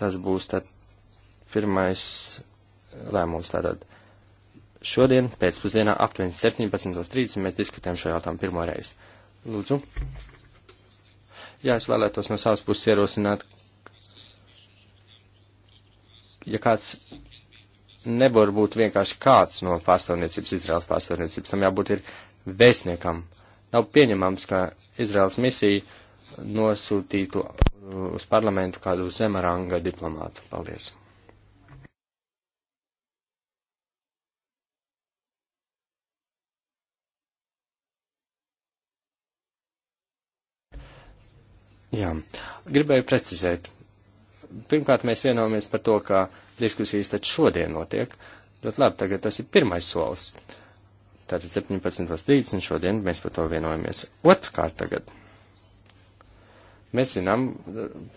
Tas būs tad pirmais lēmums tātad. Šodien pēcpusdienā aptuveni 17.30 mēs diskutējam šo jautājumu pirmo reizi. Lūdzu. Jā, es vēlētos no savas puses ierosināt, ja kāds nevar būt vienkārši kāds no pārstāvniecības, Izraels pārstāvniecības, tam jābūt ir vēstniekam. Nav pieņemams, ka Izraels misija nosūtītu uz parlamentu kādu zemaranga diplomātu. Paldies! Jā, gribēju precizēt. Pirmkārt, mēs vienojamies par to, ka diskusijas taču šodien notiek. Ļoti labi, tagad tas ir pirmais solis. Tātad 17.30 šodien mēs par to vienojamies. Otrkārt tagad. Mēs zinām,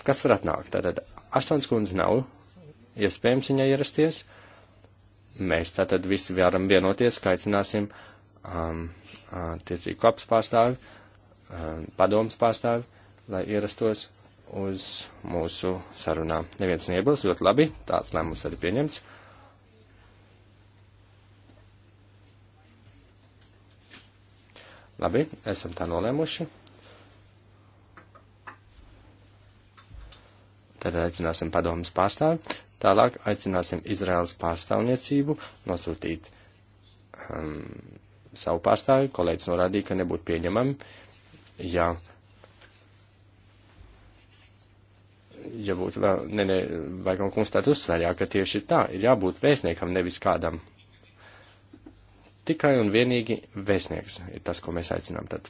kas var atnākt. Tātad astoņas kundze nav iespējams viņai ierasties. Mēs tātad visi varam vienoties, ka aicināsim um, uh, tiecīgu kaps pārstāvi, um, padomas pārstāvi, lai ierastos uz mūsu sarunām. Neviens neiebilst, ļoti labi, tāds lēmums arī pieņemts. Labi, esam tā nolēmuši. Tad aicināsim padomus pārstāvi, tālāk aicināsim Izraels pārstāvniecību nosūtīt um, savu pārstāvi. Kolēģis norādīja, ka nebūtu pieņemami, ja, ja būtu vēl, ne, ne, vajag un kungs tādu uzsvērjā, ka tieši tā ir jābūt vēstniekam, nevis kādam. Tikai un vienīgi vēstnieks ir tas, ko mēs aicinām tad.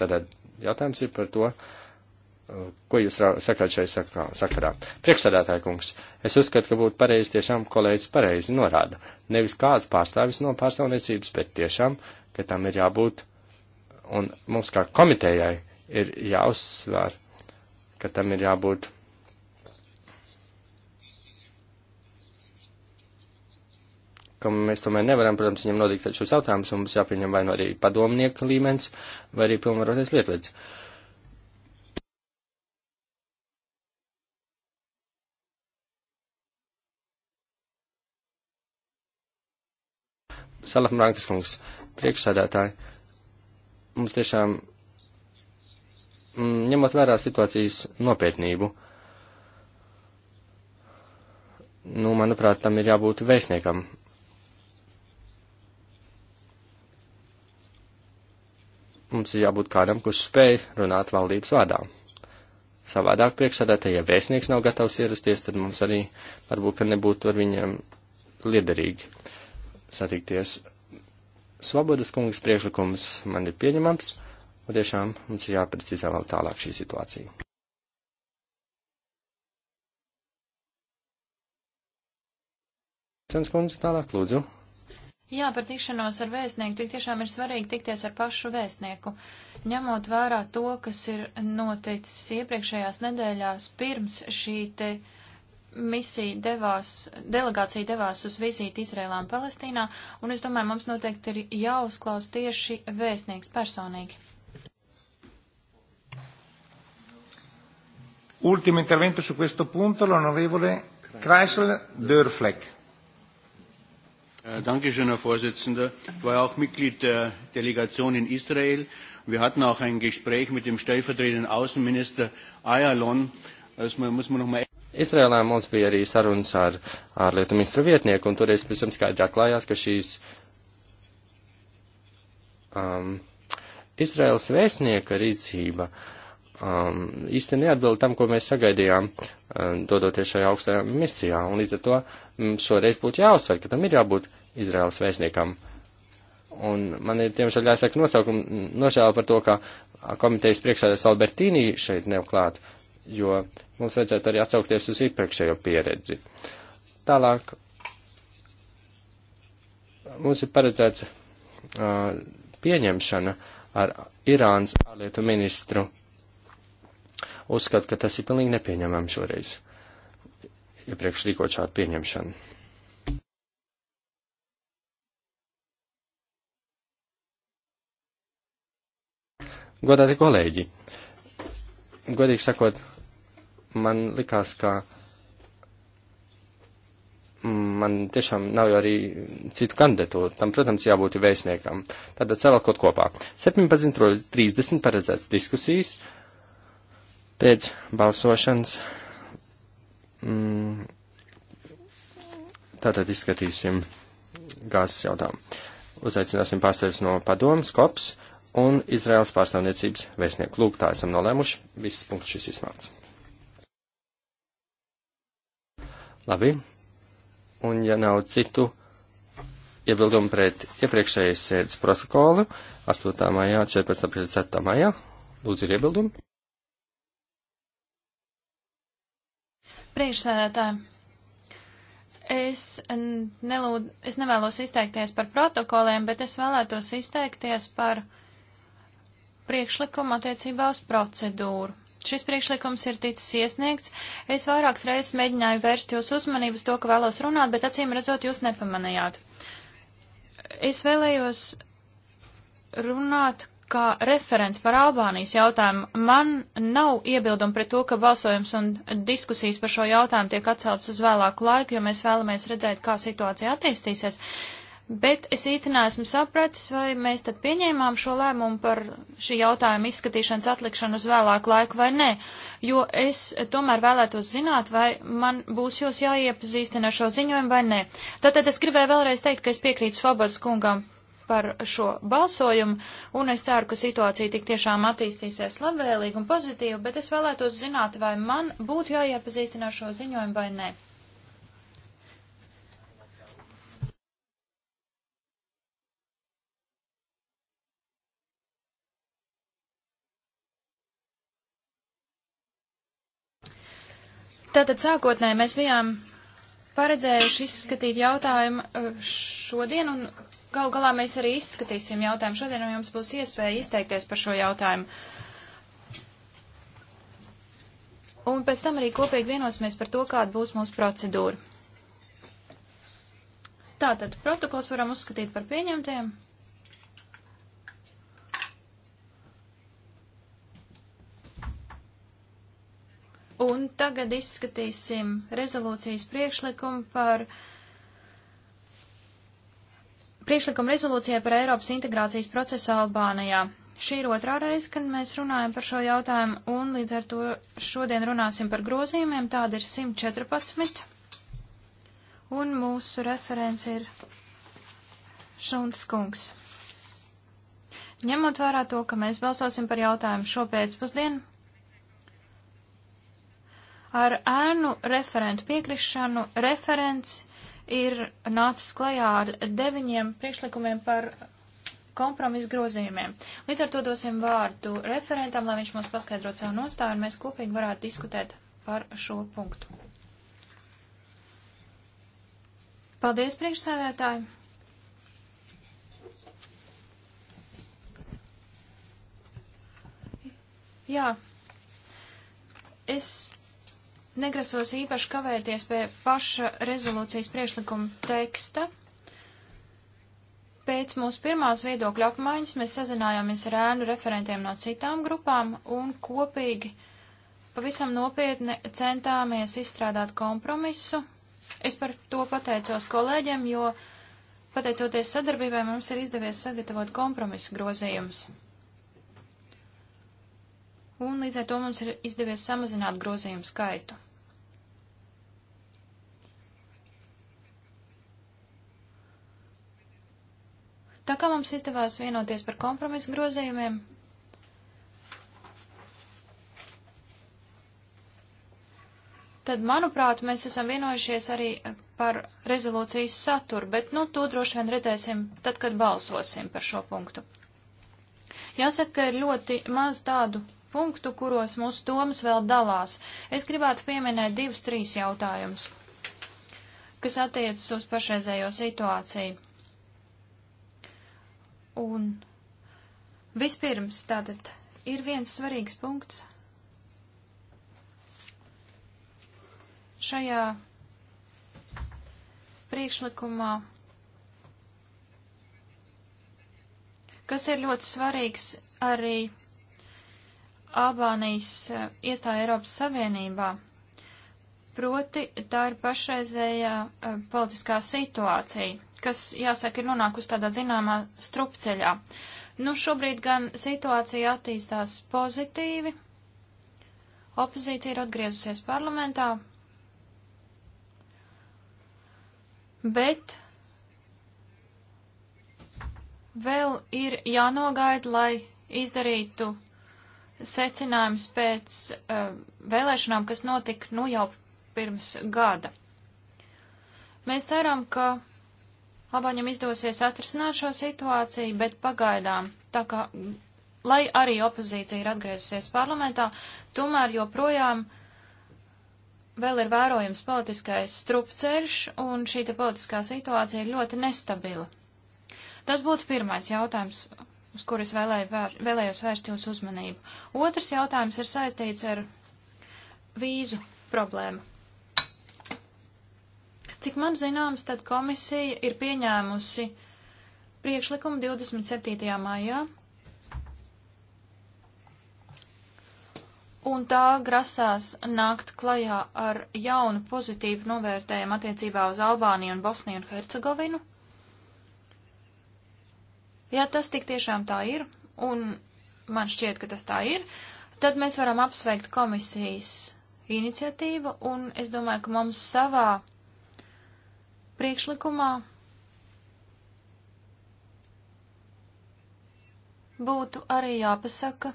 Tātad jautājums ir par to, ko jūs sakāt šai sakarā. Priekšsādātāja kungs, es uzskatu, ka būtu pareizi tiešām kolēģis pareizi norāda. Nevis kāds pārstāvis no pārstāvniecības, bet tiešām, ka tam ir jābūt, un mums kā komitejai ir jāuzsver, ka tam ir jābūt ka mēs tomēr nevaram, protams, viņam nodiktēt šos jautājumus, un mums jāpieņem vai nu no arī padomnieka līmenis, vai arī pilnvaroties lietvedis. Salafrankas kungs, priekšsādātāji, mums tiešām mm, ņemot vērā situācijas nopietnību, nu, manuprāt, tam ir jābūt vēstniekam Mums ir jābūt kādam, kurš spēj runāt valdības vārdā. Savādāk priekšsādātāji, ja vēstnieks nav gatavs ierasties, tad mums arī varbūt, ka nebūtu ar viņiem liederīgi satikties. Svobodas kungas priekšlikums man ir pieņemams, un tiešām mums ir jāprecizē vēl tālāk šī situācija. Cens kundze tālāk, lūdzu. Jā, par tikšanos ar vēstnieku. Tik tiešām ir svarīgi tikties ar pašu vēstnieku. Ņemot vērā to, kas ir noticis iepriekšējās nedēļās pirms šī te misija devās, delegācija devās uz vizīti Izrēlā un Palestīnā, un es domāju, mums noteikti ir jāuzklaus tieši vēstnieks personīgi. Ultimo intervento su questo punto l'onorevole Chrysler Dörfleck. Äh, danke schön, Herr Vorsitzender. Ich war auch Mitglied der Delegation in Israel. Wir hatten auch ein Gespräch mit dem stellvertretenden Außenminister Ayalon. Das muss man noch mal Izrēlā mums bija arī sarunas ar ārlietu ministru vietnieku, un toreiz pēc tam skaidri atklājās, ka šīs um, Izraels vēstnieka rīcība um, īsti neatbild tam, ko mēs sagaidījām Um, dodoties šajā augstajā misijā. Un līdz ar to mm, šoreiz būtu jāuzsver, ka tam ir jābūt Izraels vēstniekam. Un man ir tiemžēl jāsaka nosaukumu nožēla par to, ka komitejas priekšsēdētājs Albertīnī šeit nav klāt, jo mums vajadzētu arī atsaukties uz iepriekšējo pieredzi. Tālāk mums ir paredzēts uh, pieņemšana ar Irānas ārlietu ministru uzskatu, ka tas ir pilnīgi nepieņemami šoreiz, iepriekš ja rīkot šādu pieņemšanu. Godāti kolēģi, godīgi sakot, man likās, ka man tiešām nav jau arī citu kandidatu. Tam, protams, jābūt vēstniekam. Tātad savēl kaut kopā. 17.30 paredzēts diskusijas Pēc balsošanas mm, tātad izskatīsim gāzes jautājumu. Uzaicināsim pārstāvis no padomas, kops un Izraels pārstāvniecības vēstnieku. Lūk, tā esam nolēmuši. Viss punkts šis iznāca. Labi. Un ja nav citu iebildumu pret iepriekšējais sēdes protokolu 8. maijā, 14. 7. maijā, lūdzu ir iebildumi. Priekšsēdētāji, es, nelūd, es nevēlos izteikties par protokoliem, bet es vēlētos izteikties par priekšlikumu attiecībā uz procedūru. Šis priekšlikums ir ticis iesniegts. Es vairākas reizes mēģināju vērst jūsu uzmanību uz to, ka vēlos runāt, bet acīm redzot, jūs nepamanījāt. Es vēlējos runāt kā referents par Albānijas jautājumu, man nav iebildumi pret to, ka balsojums un diskusijas par šo jautājumu tiek atceltas uz vēlāku laiku, jo mēs vēlamies redzēt, kā situācija attīstīsies. Bet es īsti neesmu sapratis, vai mēs tad pieņēmām šo lēmumu par šī jautājuma izskatīšanas atlikšanu uz vēlāku laiku vai nē, jo es tomēr vēlētos zināt, vai man būs jūs jāiepazīstina ar šo ziņojumu vai nē. Tātad es gribēju vēlreiz teikt, ka es piekrītu Svobodas kungam par šo balsojumu, un es ceru, ka situācija tik tiešām attīstīsies labvēlīgi un pozitīvi, bet es vēlētos zināt, vai man būtu jāiepazīstina ar šo ziņojumu vai nē. Tātad sākotnēji mēs bijām paredzējuši izskatīt jautājumu uh, šodien, un Gal galā mēs arī izskatīsim jautājumu šodien, un jums būs iespēja izteikties par šo jautājumu. Un pēc tam arī kopīgi vienosimies par to, kāda būs mūsu procedūra. Tātad protokols varam uzskatīt par pieņemtiem. Un tagad izskatīsim rezolūcijas priekšlikumu par uh, priekšlikumu rezolūcijai par Eiropas integrācijas procesu Albānijā. Šī ir otrā reize, kad mēs runājam par šo jautājumu, un līdz ar to šodien runāsim par grozījumiem. Tāda ir 114, un mūsu referents ir Šunts Kungs. Ņemot vērā to, ka mēs balsosim par jautājumu šo pēcpusdienu, ar ēnu referentu piekrišanu referents ir nācis klajā ar deviņiem priekšlikumiem par kompromisu grozījumiem. Līdz ar to dosim vārdu referentam, lai viņš mums paskaidrot savu nostāju un mēs kopīgi varētu diskutēt par šo punktu. Paldies, priekšsēdētāji! Jā, es negrasos īpaši kavēties pie paša rezolūcijas priekšlikuma teksta. Pēc mūsu pirmās viedokļa apmaiņas mēs sazinājāmies ar ēnu referentiem no citām grupām un kopīgi pavisam nopietni centāmies izstrādāt kompromisu. Es par to pateicos kolēģiem, jo pateicoties sadarbībai mums ir izdevies sagatavot kompromisu grozījumus. Un līdz ar to mums ir izdevies samazināt grozījumu skaitu. Tā kā mums izdevās vienoties par kompromisu grozījumiem, tad, manuprāt, mēs esam vienojušies arī par rezolūcijas saturu, bet, nu, to droši vien redzēsim tad, kad balsosim par šo punktu. Jāsaka, ka ir ļoti maz tādu punktu, kuros mūsu domas vēl dalās. Es gribētu pieminēt divus, trīs jautājumus, kas attiecas uz pašreizējo situāciju. Un vispirms tātad ir viens svarīgs punkts šajā priekšlikumā, kas ir ļoti svarīgs arī Albānijas eh, iestāja Eiropas Savienībā. Proti, tā ir pašreizējā eh, politiskā situācija kas, jāsaka, ir nonākusi tādā zināmā strupceļā. Nu, šobrīd gan situācija attīstās pozitīvi. Opozīcija ir atgriezusies parlamentā, bet vēl ir jānogaida, lai izdarītu secinājums pēc uh, vēlēšanām, kas notika nu jau pirms gada. Mēs ceram, ka Abaņam izdosies atrisināt šo situāciju, bet pagaidām, tā kā, lai arī opozīcija ir atgriezusies parlamentā, tomēr joprojām vēl ir vērojams politiskais strupceļš, un šī te politiskā situācija ir ļoti nestabila. Tas būtu pirmais jautājums, uz kuru es vēlēju, vēr, vēlējos vērst jūsu uzmanību. Otrs jautājums ir saistīts ar vīzu problēmu. Cik man zināms, tad komisija ir pieņēmusi priekšlikumu 27. maijā, un tā grasās nākt klajā ar jaunu pozitīvu novērtējumu attiecībā uz Albāniju un Bosniju un Hercegovinu. Ja tas tik tiešām tā ir, un man šķiet, ka tas tā ir, tad mēs varam apsveikt komisijas iniciatīvu, un es domāju, ka mums savā priekšlikumā būtu arī jāpasaka,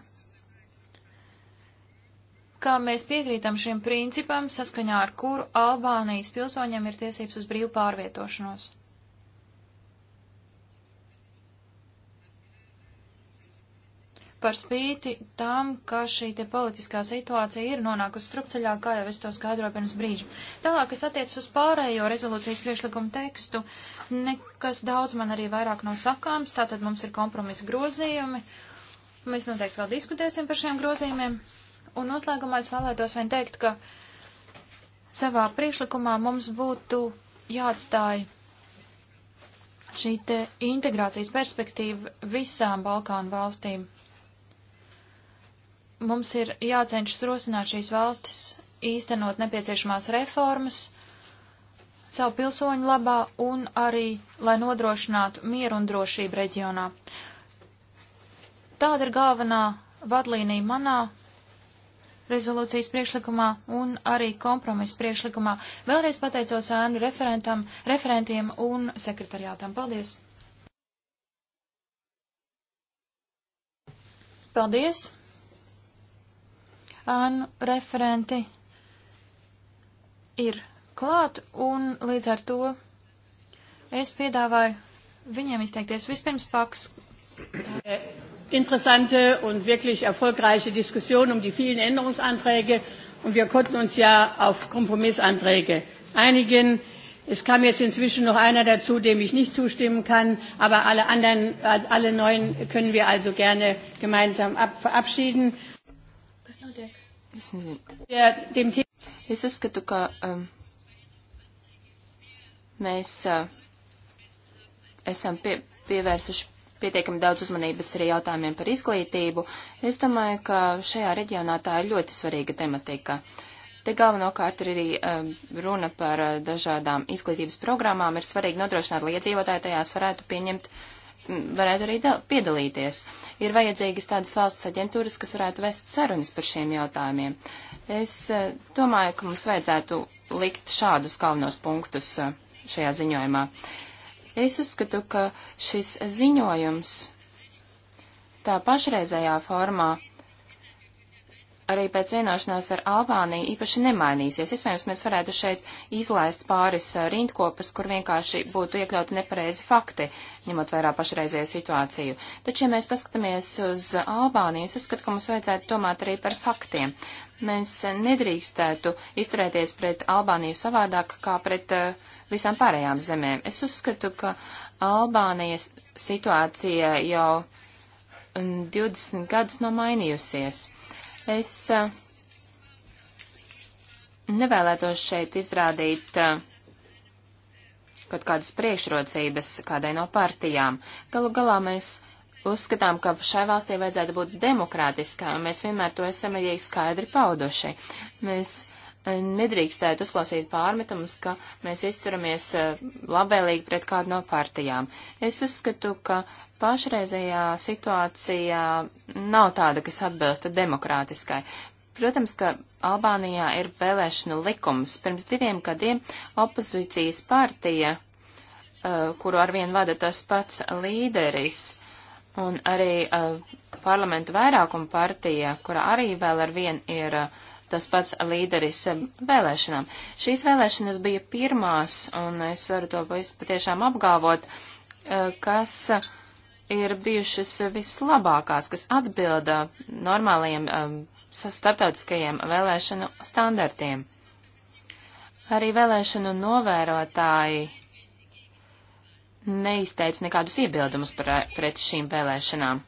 ka mēs piekrītam šiem principam, saskaņā ar kuru Albānijas pilsoņiem ir tiesības uz brīvu pārvietošanos. par spīti tam, ka šī te politiskā situācija ir nonākusi strupceļā, kā jau es to skaidroju pirms brīža. Tālāk, kas attiec uz pārējo rezolūcijas priekšlikumu tekstu, nekas daudz man arī vairāk nav sakāms, tātad mums ir kompromisa grozījumi. Mēs noteikti vēl diskutēsim par šiem grozījumiem. Un noslēgumā es vēlētos vien teikt, ka savā priekšlikumā mums būtu jāatstāja šī te integrācijas perspektīva visām Balkānu valstīm mums ir jācenšas rosināt šīs valstis, īstenot nepieciešamās reformas savu pilsoņu labā un arī, lai nodrošinātu mieru un drošību reģionā. Tāda ir galvenā vadlīnija manā rezolūcijas priekšlikumā un arī kompromisa priekšlikumā. Vēlreiz pateicos ēnu referentiem un sekretariātam. Paldies! Paldies! ANU referenti ir klāt, un līdz ar to es piedāvāju viņiem izteikties vispirms paks. Äh, interessante un wirklich erfolgreiche Diskussion um die vielen Änderungsanträge. Und wir konnten uns ja auf Kompromissanträge einigen. Es kam jetzt inzwischen noch einer dazu, dem ich nicht zustimmen kann, aber alle anderen, alle neun können wir also gerne gemeinsam ab, verabschieden. Das nur der Es nezinu. Es uzskatu, ka um, mēs uh, esam pie, pievērsuši pietiekami daudz uzmanības arī jautājumiem par izglītību. Es domāju, ka šajā reģionā tā ir ļoti svarīga tematika. Te galvenokārt ir arī um, runa par uh, dažādām izglītības programmām. Ir svarīgi nodrošināt, lai iedzīvotāji tajās varētu pieņemt uh, varētu arī piedalīties. Ir vajadzīgas tādas valsts aģentūras, kas varētu vest sarunas par šiem jautājumiem. Es e, domāju, ka mums vajadzētu likt šādus galvenos punktus e, šajā ziņojumā. Es uzskatu, ka šis ziņojums tā pašreizējā formā arī pēc vienošanās ar Albāniju īpaši nemainīsies. Iespējams, mēs varētu šeit izlaist pāris uh, rindkopas, kur vienkārši būtu iekļauti nepareizi fakti, ņemot vērā pašreizēju situāciju. Taču, ja mēs paskatāmies uz Albāniju, es uzskatu, ka mums vajadzētu domāt arī par faktiem. Mēs nedrīkstētu izturēties pret Albāniju savādāk kā pret uh, visām pārējām zemēm. Es uzskatu, ka Albānijas situācija jau 20 mm, gadus nav mainījusies. Es nevēlētos šeit izrādīt kaut kādas priekšrocības kādai no partijām. Galu galā mēs uzskatām, ka šai valstī vajadzētu būt demokrātiskai, un mēs vienmēr to esam arī skaidri pauduši. Mēs nedrīkstētu uzklausīt pārmetumus, ka mēs izturamies labvēlīgi pret kādu no partijām. Es uzskatu, ka pašreizējā situācija nav tāda, kas atbilstu demokrātiskai. Protams, ka Albānijā ir vēlēšanu likums. Pirms diviem gadiem opozīcijas partija, uh, kuru arvien vada tas pats līderis, un arī uh, parlamentu vairākuma partija, kura arī vēl arvien ir uh, tas pats līderis vēlēšanām. Šīs vēlēšanas bija pirmās, un es varu to patiešām apgalvot, kas ir bijušas vislabākās, kas atbilda normālajiem um, starptautiskajiem vēlēšanu standartiem. Arī vēlēšanu novērotāji neizteica nekādus iebildumus pret šīm vēlēšanām.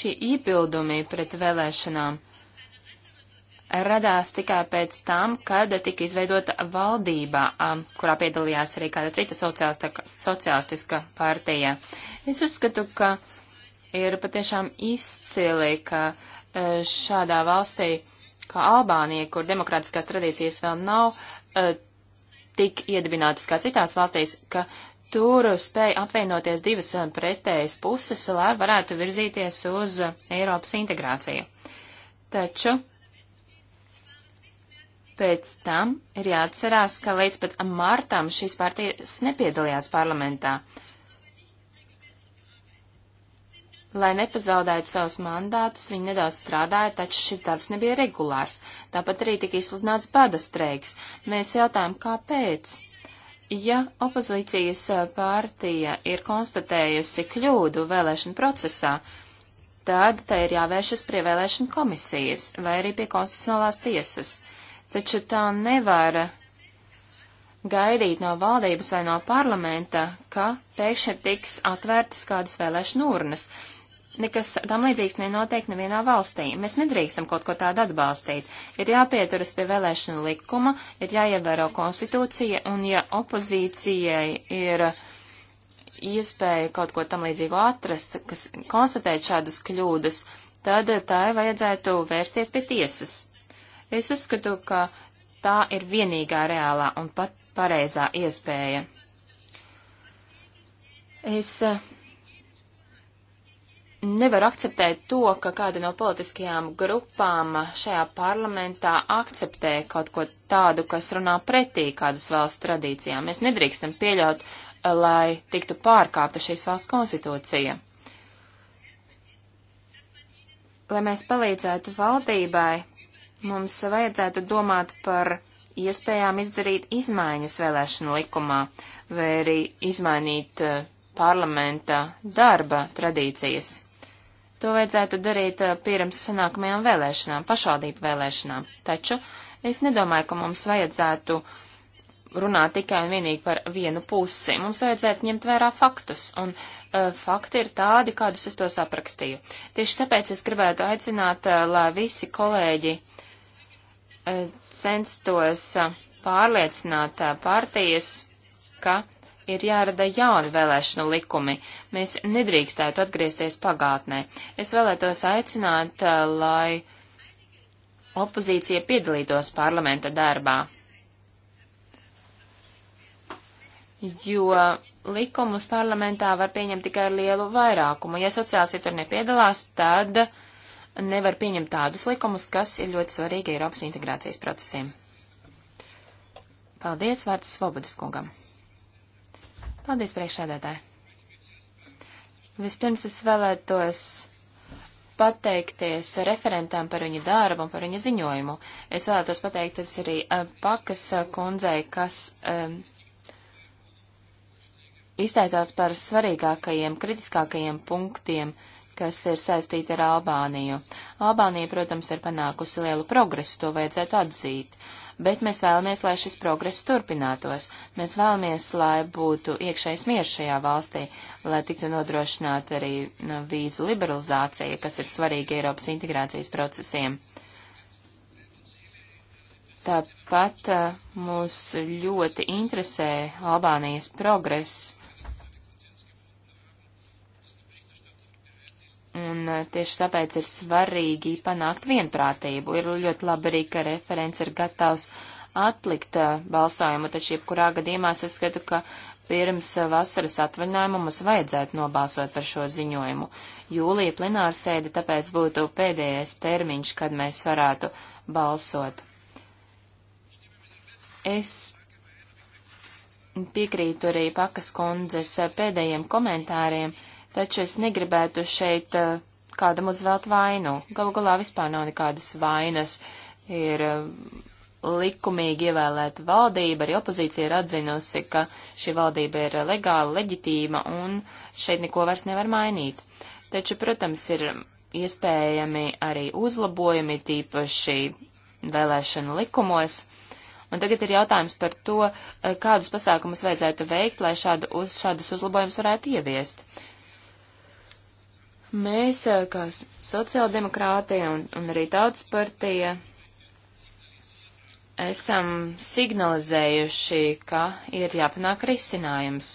Šie iebildumi pret vēlēšanām radās tikai pēc tam, kad tika izveidota valdība, um, kurā piedalījās arī kāda cita sociālistiska partija. Es uzskatu, ka ir patiešām izcili, ka eh, šādā valstī kā Albānija, kur demokrātiskās tradīcijas vēl nav eh, tik iedibinātas kā citās valstīs, ka tur spēja apvienoties divas eh, pretējas puses, lai varētu virzīties uz Eiropas integrāciju. Taču Pēc tam ir jāatcerās, ka līdz pat martam šīs partijas nepiedalījās parlamentā. Lai nepazaudētu savus mandātus, viņi nedaudz strādāja, taču šis darbs nebija regulārs. Tāpat arī tika izsludināts bada streiks. Mēs jautājam, kāpēc? Ja opozīcijas eh, pārtija ir konstatējusi kļūdu vēlēšanu procesā, tad tai ir jāvēršas pie vēlēšanu komisijas vai arī pie konstitucionālās tiesas taču tā nevar gaidīt no valdības vai no parlamenta, ka pēkšņi tiks atvērtas kādas vēlēšana urnas. Nekas tam līdzīgs nenotiek nevienā valstī. Mēs nedrīkstam kaut ko tādu atbalstīt. Ir jāpieturas pie vēlēšanu likuma, ir jāievēro konstitūcija, un ja opozīcijai ir iespēja kaut ko tam līdzīgu atrast, kas konstatēt šādas kļūdas, tad tai vajadzētu vērsties pie tiesas. Es uzskatu, ka tā ir vienīgā reālā un pat pareizā iespēja. Es eh, nevaru akceptēt to, ka kāda no politiskajām grupām šajā parlamentā akceptē kaut ko tādu, kas runā pretī kādas valsts tradīcijām. Mēs nedrīkstam pieļaut, eh, lai tiktu pārkāpta šīs valsts konstitūcija. Lai mēs palīdzētu valdībai, mums vajadzētu domāt par iespējām izdarīt izmaiņas vēlēšanu likumā vai arī izmainīt eh, parlamenta darba tradīcijas. To vajadzētu darīt eh, pirms sanākamajām vēlēšanām, pašvaldību vēlēšanām. Taču es nedomāju, ka mums vajadzētu runāt tikai un vienīgi par vienu pusi. Mums vajadzētu ņemt vērā faktus, un uh, fakti ir tādi, kādus es tos aprakstīju. Tieši tāpēc es gribētu aicināt, uh, lai visi kolēģi uh, censtos uh, pārliecināt uh, partijas, ka ir jārada jauni vēlēšanu likumi. Mēs nedrīkstētu atgriezties pagātnē. Es vēlētos aicināt, uh, lai opozīcija piedalītos parlamenta darbā. Jo likumus parlamentā var pieņemt tikai ar lielu vairākumu. Ja sociālsietur nepiedalās, tad uh, nevar pieņemt tādus likumus, kas ir ļoti svarīgi Eiropas integrācijas procesiem. Paldies, vārds Svobodas kungam. Paldies, priekšsēdētāji. Vispirms es vēlētos pateikties referentām par viņa darbu un par viņa ziņojumu. Es vēlētos pateikties arī eh, Pakas eh, kundzei, kas um, izteicās par svarīgākajiem, kritiskākajiem punktiem uh, kas ir saistīti ar Albāniju. Albānija, protams, ir panākusi lielu progresu, to vajadzētu atzīt, bet mēs vēlamies, lai šis progress turpinātos. Mēs vēlamies, lai būtu iekšējs miers šajā valstī, lai tiktu nodrošināta arī nu, vīzu liberalizācija, kas ir svarīga Eiropas integrācijas procesiem. Tāpat eh, mūs ļoti interesē Albānijas progress Un eh, tieši tāpēc ir svarīgi panākt vienprātību. Ir ļoti labi arī, ka referents ir gatavs atlikt eh, balsojumu, taču jebkurā gadījumā es uzskatu, ka pirms eh, vasaras atvaļinājuma mums vajadzētu nobalsot par šo ziņojumu. Jūlija plenārsēde tāpēc būtu pēdējais termiņš, kad mēs varētu balsot. Es piekrītu arī Pakas kundzes pēdējiem komentāriem taču es negribētu šeit eh, kādam uzvelt vainu. Galu galā vispār nav nekādas vainas. Ir eh, likumīgi ievēlēta valdība, arī opozīcija ir atzinusi, ka šī valdība ir eh, legāla, leģitīma un šeit neko vairs nevar mainīt. Taču, protams, ir iespējami arī uzlabojumi, tīpaši vēlēšanu likumos. Un tagad ir jautājums par to, kādus pasākumus vajadzētu veikt, lai šādu uz, šādus uzlabojumus varētu ieviest. Mēs, eh, kā sociāldemokrātija un, un arī tautas partija, esam signalizējuši, ka ir jāpanāk risinājums.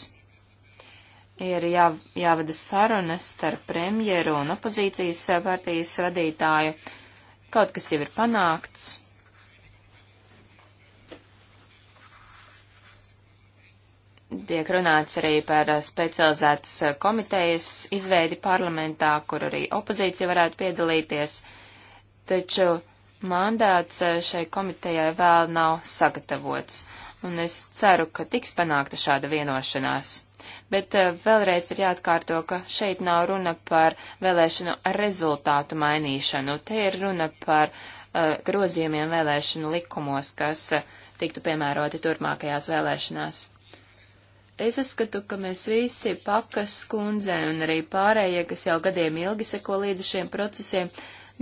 Ir jā, jāvada sarunas starp premjeru un opozīcijas eh, partijas vadītāju. Kaut kas jau ir panākts, Tiek runāts arī par specializētas komitejas izveidi parlamentā, kur arī opozīcija varētu piedalīties, taču mandāts eh, šai komitejai vēl nav sagatavots, un es ceru, ka tiks panākta šāda vienošanās. Bet eh, vēlreiz ir jāatkārto, ka šeit nav runa par vēlēšanu rezultātu mainīšanu, te ir runa par uh, grozījumiem vēlēšanu likumos, kas uh, tiktu piemēroti turpmākajās vēlēšanās. Es uzskatu, ka mēs visi, pakas kundze un arī pārējie, kas jau gadiem ilgi seko līdzi šiem procesiem,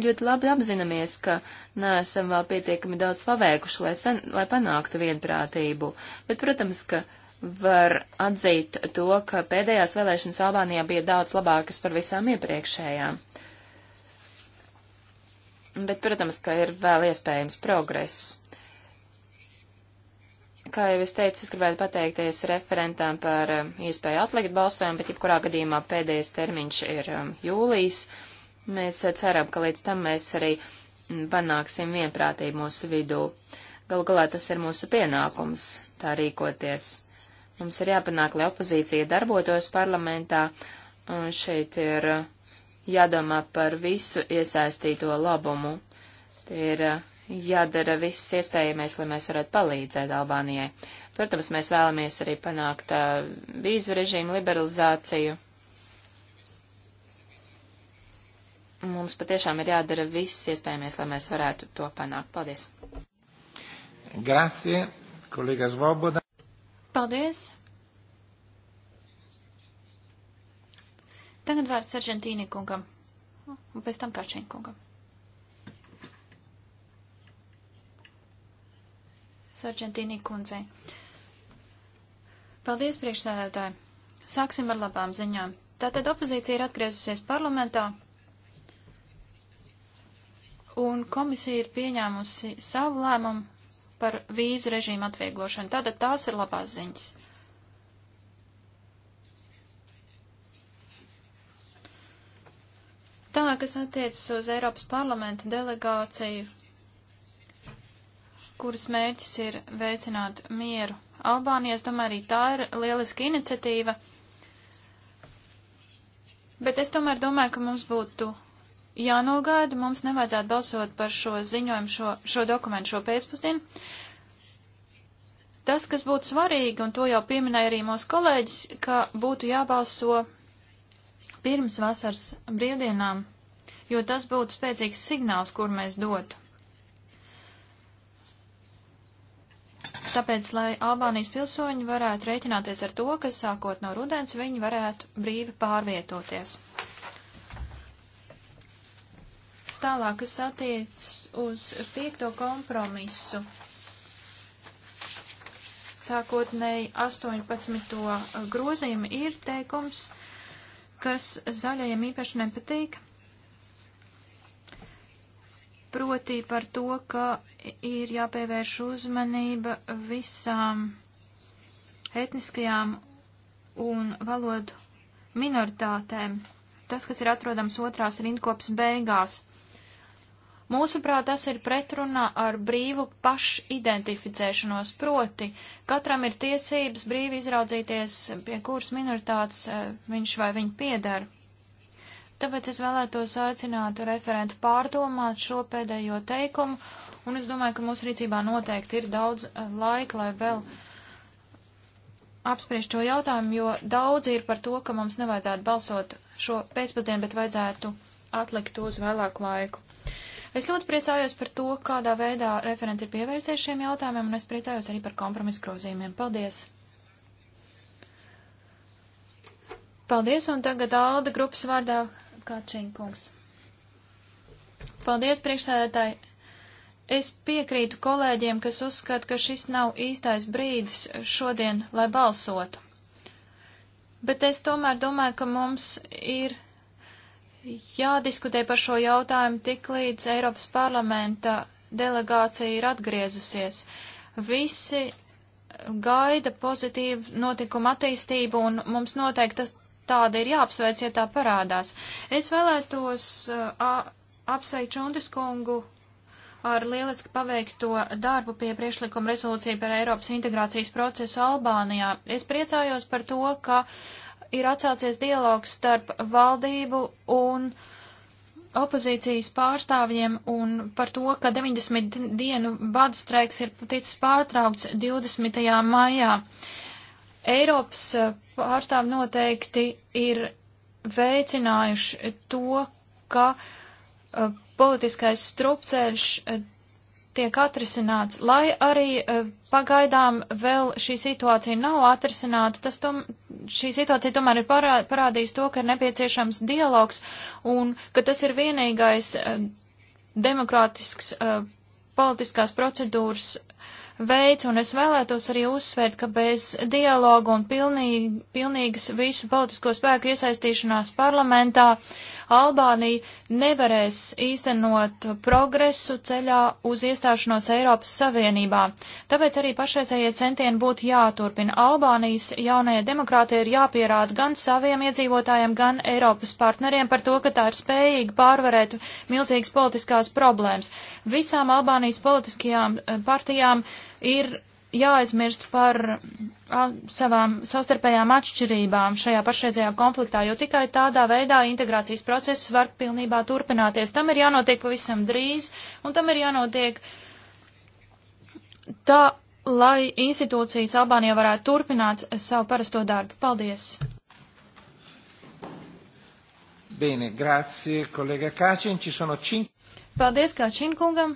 ļoti labi apzināmies, ka neesam vēl pietiekami daudz paveikuši, lai, san, lai panāktu vienprātību. Bet, protams, ka var atzīt to, ka pēdējās vēlēšanas Albānijā bija daudz labākas par visām iepriekšējām. Bet, protams, ka ir vēl iespējams progress. Kā jau es teicu, es gribētu pateikties referentām par um, iespēju atlikt balsojumu, bet jebkurā gadījumā pēdējais termiņš ir um, jūlijas. Mēs uh, ceram, ka līdz tam mēs arī mm, panāksim vienprātību mūsu vidū. Galu galā tas ir mūsu pienākums tā rīkoties. Mums ir jāpanāk, lai opozīcija darbotos parlamentā, un šeit ir uh, jādomā par visu iesaistīto labumu. Tie ir uh, jādara viss iespējamais, lai mēs varētu palīdzēt Albānijai. Protams, mēs vēlamies arī panākt uh, vīzu režīmu liberalizāciju. Mums patiešām ir jādara viss iespējamais, lai mēs varētu to panākt. Paldies! Grazie, kolēģa Svoboda. Paldies! Tagad vārds Argentīni kungam, un pēc tam Kačēņa kungam. Sargentīnī kundzei. Paldies, priekšsēdētāji. Sāksim ar labām ziņām. Tātad opozīcija ir atgriezusies parlamentā, un komisija ir pieņēmusi savu lēmumu par vīzu režīmu atvieglošanu. Tātad tās ir labās ziņas. Tālāk, kas attiecas uz Eiropas parlamenta delegāciju kuras mērķis ir veicināt mieru Albānijas. Domāju, arī tā ir lieliska iniciatīva. Bet es tomēr domāju, ka mums būtu jānogaida, mums nevajadzētu balsot par šo ziņojumu, šo, šo dokumentu šo pēcpusdienu. Tas, kas būtu svarīgi, un to jau pieminēja arī mūsu kolēģis, ka būtu jābalso pirms vasaras brīvdienām, jo tas būtu spēcīgs signāls, kur mēs dotu. Tāpēc, lai Albānijas pilsoņi varētu rēķināties ar to, ka sākot no rudens viņi varētu brīvi pārvietoties. Tālāk, kas attiec uz piekto kompromisu, sākotnēji 18. grozījumu ir teikums, kas zaļajiem īpaši nepatīk, proti par to, ka ir jāpievērš uzmanība visām etniskajām un valodu minoritātēm. Tas, kas ir atrodams otrās rindkopas beigās. Mūsuprāt, tas ir pretrunā ar brīvu pašidentificēšanos, proti katram ir tiesības brīvi izraudzīties, pie kuras minoritātes eh, viņš vai viņa piedara. Tāpēc es vēlētos aicināt referentu pārdomāt šo pēdējo teikumu, un es domāju, ka mūsu rīcībā noteikti ir daudz eh, laika, lai vēl apspriež šo jautājumu, jo daudzi ir par to, ka mums nevajadzētu balsot šo pēcpusdienu, bet vajadzētu atlikt uz vēlāku laiku. Es ļoti priecājos par to, kādā veidā referents ir pievērsies šiem jautājumiem, un es priecājos arī par kompromisu grozījumiem. Paldies! Paldies, un tagad Alda grupas vārdā Kačinkungs. Paldies, priekšsēdētāji. Es piekrītu kolēģiem, kas uzskata, ka šis nav īstais brīdis šodien, lai balsotu. Bet es tomēr domāju, ka mums ir jādiskutē par šo jautājumu tik līdz Eiropas parlamenta delegācija ir atgriezusies. Visi gaida pozitīvu notikumu attīstību, un mums noteikti tas, tāda ir jāapsveic, ja tā parādās. Es vēlētos uh, apsveikt Čundis kungu ar lieliski paveikto darbu pie priekšlikuma rezolūcija par Eiropas integrācijas procesu Albānijā. Es priecājos par to, ka ir atsācies dialogs starp valdību un opozīcijas pārstāvjiem un par to, ka 90 dienu bada streiks ir ticis pārtraukts 20. maijā. Uh, Eiropas eh, pārstāvi noteikti ir veicinājuši to, ka eh, politiskais strupceļš eh, tiek atrisināts. Lai arī pagaidām vēl šī situācija nav atrisināta, tas tom, šī situācija tomēr ir parā, parādījis to, ka ir nepieciešams dialogs un ka tas ir vienīgais demokrātisks politiskās procedūras veids, un es vēlētos arī uzsvērt, ka bez dialogu un pilnīgi, pilnīgas visu politisko spēku iesaistīšanās parlamentā uh, Albānija nevarēs īstenot progresu ceļā uz iestāšanos Eiropas Savienībā. Tāpēc arī pašreizējie centieni būtu jāturpina. Albānijas jaunajai demokrātijai ir jāpierāda gan saviem iedzīvotājiem, gan Eiropas partneriem par to, ka tā ir spējīga pārvarēt milzīgas politiskās problēmas. Visām Albānijas politiskajām eh, partijām ir jāaizmirst par a, savām sastarpējām atšķirībām šajā pašreizajā konfliktā, jo tikai tādā veidā integrācijas process var pilnībā turpināties. Tam ir jānotiek pavisam drīz, un tam ir jānotiek tā, lai institūcijas Albānijā varētu turpināt savu parasto darbu. Paldies! Bene, grazie, kolega Kāčin, ci sono 5. Paldies Kāčin kungam!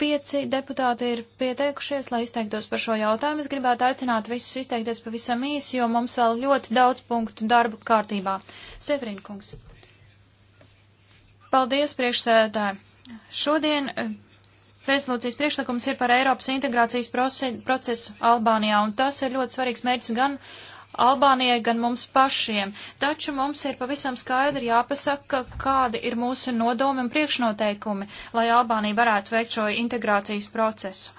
Pieci deputāti ir pieteikušies, lai izteiktos par šo jautājumu. Es gribētu aicināt visus izteikties pavisam īsi, jo mums vēl ļoti daudz punktu darba kārtībā. Severinkungs. Paldies, priekšsēdētāji. Šodien eh, Rezolūcijas priekšlikums ir par Eiropas integrācijas procesu Albānijā, un tas ir ļoti svarīgs mērķis gan Albānijai, gan mums pašiem. Taču mums ir pavisam skaidri jāpasaka, kādi ir mūsu nodomi un priekšnoteikumi, lai Albānija varētu veikt šo integrācijas procesu.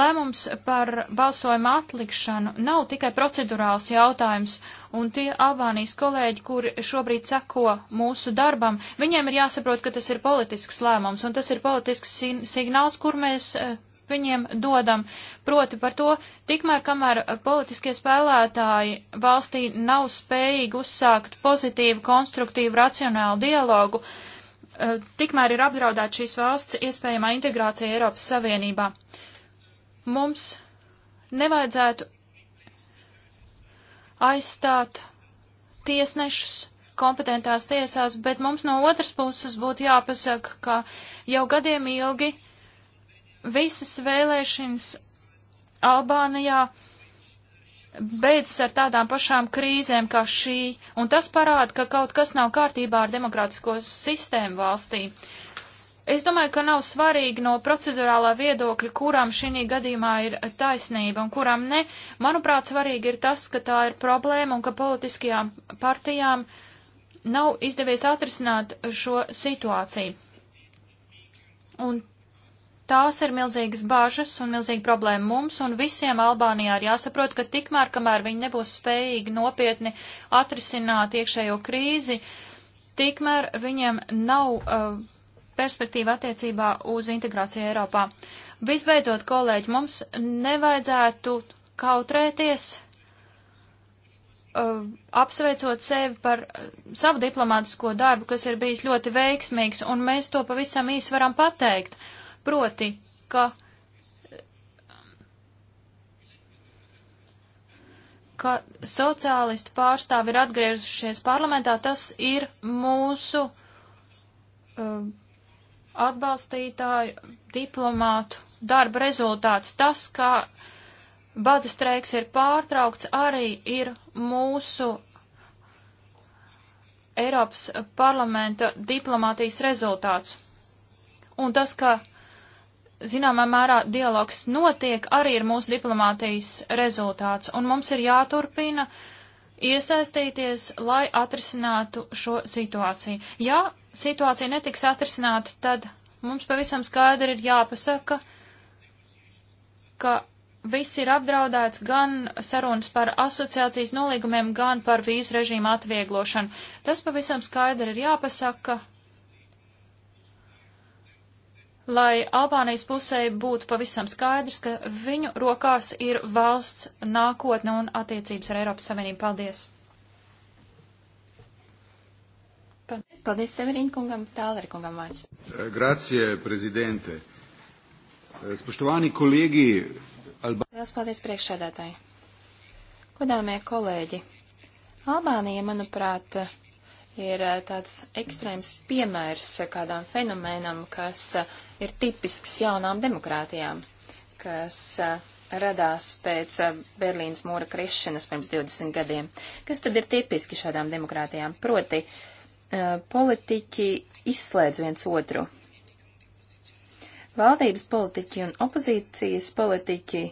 Lēmums par balsojumu atlikšanu nav tikai procedurāls jautājums, un tie Albānijas kolēģi, kuri šobrīd seko mūsu darbam, viņiem ir jāsaprot, ka tas ir politisks lēmums, un tas ir politisks signāls, kur mēs eh, viņiem dodam, proti par to, tikmēr kamēr politiskie spēlētāji valstī nav spējīgi uzsākt pozitīvu, konstruktīvu, racionālu dialogu, eh, tikmēr ir apdraudēta šīs valsts iespējamā integrācija Eiropas Savienībā. Mums nevajadzētu aizstāt tiesnešus kompetentās tiesās, bet mums no otras puses būtu jāpasaka, ka jau gadiem ilgi uh, visas vēlēšanas Albānijā beidzas ar tādām pašām krīzēm kā šī, un tas parāda, ka kaut kas nav kārtībā ar demokrātisko sistēmu valstī. Es domāju, ka nav svarīgi no procedurālā viedokļa, kurām šī gadījumā ir taisnība un kurām ne. Manuprāt, svarīgi ir tas, ka tā ir problēma un ka politiskajām partijām nav izdevies atrisināt šo situāciju. Un Tās ir milzīgas bažas un milzīga problēma mums, un visiem Albānijā ir jāsaprot, ka tikmēr, kamēr viņi nebūs spējīgi nopietni atrisināt iekšējo krīzi, tikmēr viņiem nav uh, perspektīva attiecībā uz integrāciju Eiropā. Visbeidzot, kolēģi, mums nevajadzētu kautrēties, uh, apsveicot sevi par uh, savu diplomātisko darbu, kas ir bijis ļoti veiksmīgs, un mēs to pavisam īsi varam pateikt. Uh, Proti, ka, ka sociālisti pārstāvi ir atgriezušies parlamentā, tas ir mūsu um, atbalstītāju diplomātu darba rezultāts. Tas, kā bada streiks ir pārtraukts, arī ir mūsu Eiropas parlamenta diplomātijas rezultāts. Un tas, ka zināmā mērā dialogs notiek, arī ir mūsu diplomātijas rezultāts, un mums ir jāturpina iesaistīties, lai atrisinātu šo situāciju. Ja situācija netiks atrisināta, tad mums pavisam skaidri ir jāpasaka, ka viss ir apdraudēts gan sarunas par asociācijas nolīgumiem, gan par vīzu režīmu atvieglošanu. Tas pavisam skaidri ir jāpasaka, lai Albānijas pusē būtu pavisam skaidrs, ka viņu rokās ir valsts nākotne un attiecības ar Eiropas Savienību. Paldies! Paldies, Paldies Severīna kungam, Tāleri kungam vārds. Eh, grazie, prezidente. Eh, spoštovani kolēģi. Alba... Liels paldies priekšsēdētāji. Godāmie kolēģi, Albānija, manuprāt, ir eh, tāds ekstrēms piemērs kādām fenomēnam, kas eh, ir tipisks jaunām demokrātijām, kas eh, radās pēc Berlīnas mūra krišanas pirms 20 gadiem. Kas tad ir tipiski šādām demokrātijām? Proti, politiķi izslēdz viens otru. Valdības politiķi un opozīcijas politiķi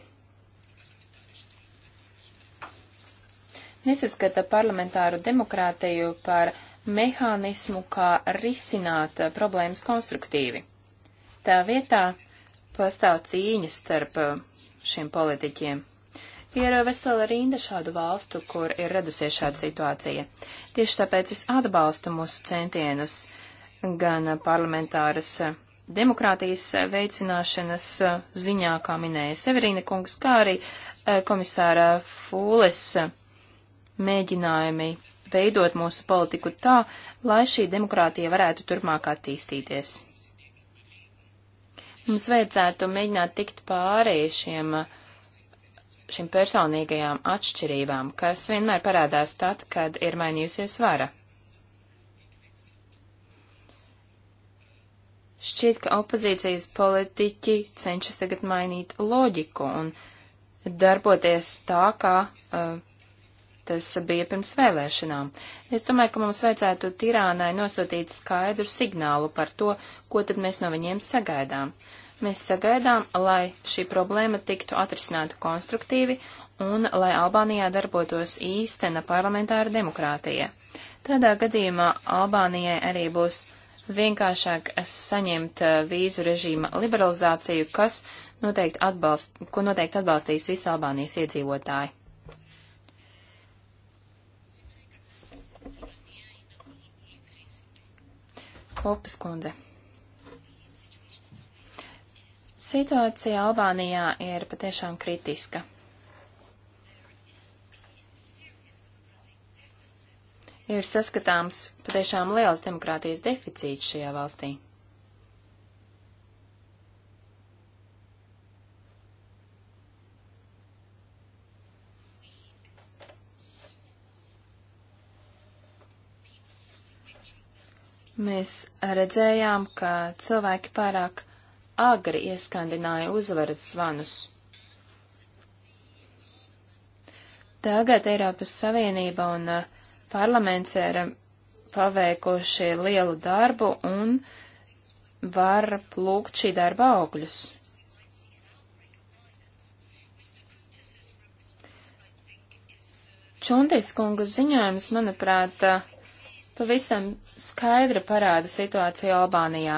nesaskata parlamentāru demokrātiju par uh, mehānismu, kā risināt eh, problēmas konstruktīvi. Tā vietā pastāv cīņa starp eh, šiem politiķiem. Ir eh, vesela rinda šādu valstu, kur ir redusies šāda situācija. Tieši tāpēc es atbalstu mūsu centienus gan parlamentāras demokrātijas veicināšanas ziņā, kā minēja Severīna kungs, kā arī komisāra Fūles mēģinājumi veidot mūsu politiku tā, lai šī demokrātija varētu turpmāk attīstīties. Mums vajadzētu mēģināt tikt pāri šiem, šiem personīgajām atšķirībām, kas vienmēr parādās tad, kad ir mainījusies vara. Šķiet, ka opozīcijas politiķi cenšas tagad mainīt loģiku un darboties tā, kā uh, Tas bija pirms vēlēšanām. Es domāju, ka mums vajadzētu Tirānai nosūtīt skaidru signālu par to, ko tad mēs no viņiem sagaidām. Mēs sagaidām, lai šī problēma tiktu atrisināta konstruktīvi un lai Albānijā darbotos īstena parlamentāra demokrātija. Tādā gadījumā Albānijai arī būs vienkāršāk saņemt uh, vīzu režīma liberalizāciju, kas noteikti atbalst, ko noteikti atbalstīs visi Albānijas iedzīvotāji. Kopas kundze. Situācija Albānijā ir patiešām kritiska. Ir saskatāms patiešām liels demokrātijas deficīts šajā valstī. Mēs redzējām, ka cilvēki pārāk agri ieskandināja uzvaras zvanus. Tagad Eiropas Savienība un uh, parlaments ir um, paveikuši lielu darbu un var plūkt šī darba augļus. Čundis kungas ziņojums, manuprāt, uh, pavisam skaidri parāda situāciju Albānijā,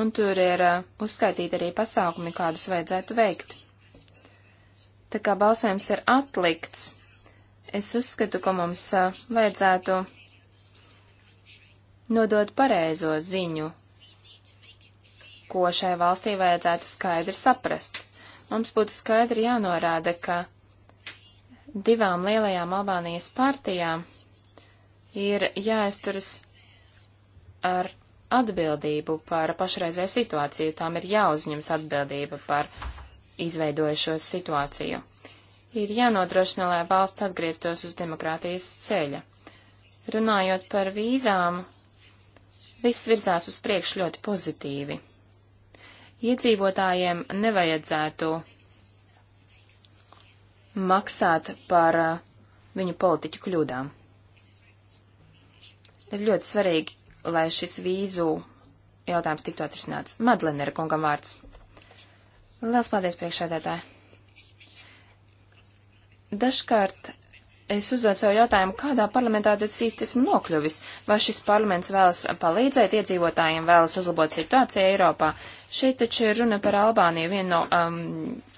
un tur ir uh, uzskaitīti arī pasākumi, kādus vajadzētu veikt. Tā kā balsojums ir atlikts, es uzskatu, ka mums uh, vajadzētu nodot pareizo ziņu, ko šai valstī vajadzētu skaidri saprast. Mums būtu skaidri jānorāda, ka divām lielajām Albānijas partijām ir jāizturas ar atbildību par pašreizē situāciju, tām ir jāuzņems atbildība par izveidojušos situāciju. Ir jānodrošina, lai valsts atgrieztos uz demokrātijas ceļa. Runājot par vīzām, viss virzās uz priekšu ļoti pozitīvi. Iedzīvotājiem nevajadzētu maksāt par uh, viņu politiķu kļūdām. Ir ļoti svarīgi, lai šis vīzu jautājums tiktu atrisināts. Madlenera kungam vārds. Lielas paldies priekšēdētāji. Dažkārt es uzdod sev jautājumu, kādā parlamentā tad īsti esmu nokļuvis. Vai šis parlaments vēlas palīdzēt iedzīvotājiem, vēlas uzlabot situāciju Eiropā? Šeit taču ir runa par Albāniju, vienu no um,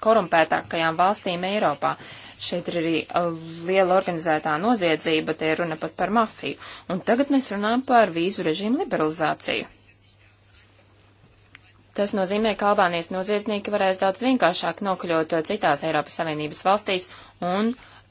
korumpētākajām valstīm Eiropā. Uh, Šeit ir arī liela organizētā noziedzība, te ir runa pat par mafiju. Un tagad mēs runājam par vīzu režīmu liberalizāciju. Tas nozīmē, ka Albānijas noziedznieki varēs daudz vienkāršāk nokļūt citās Eiropas Savienības valstīs, un uh,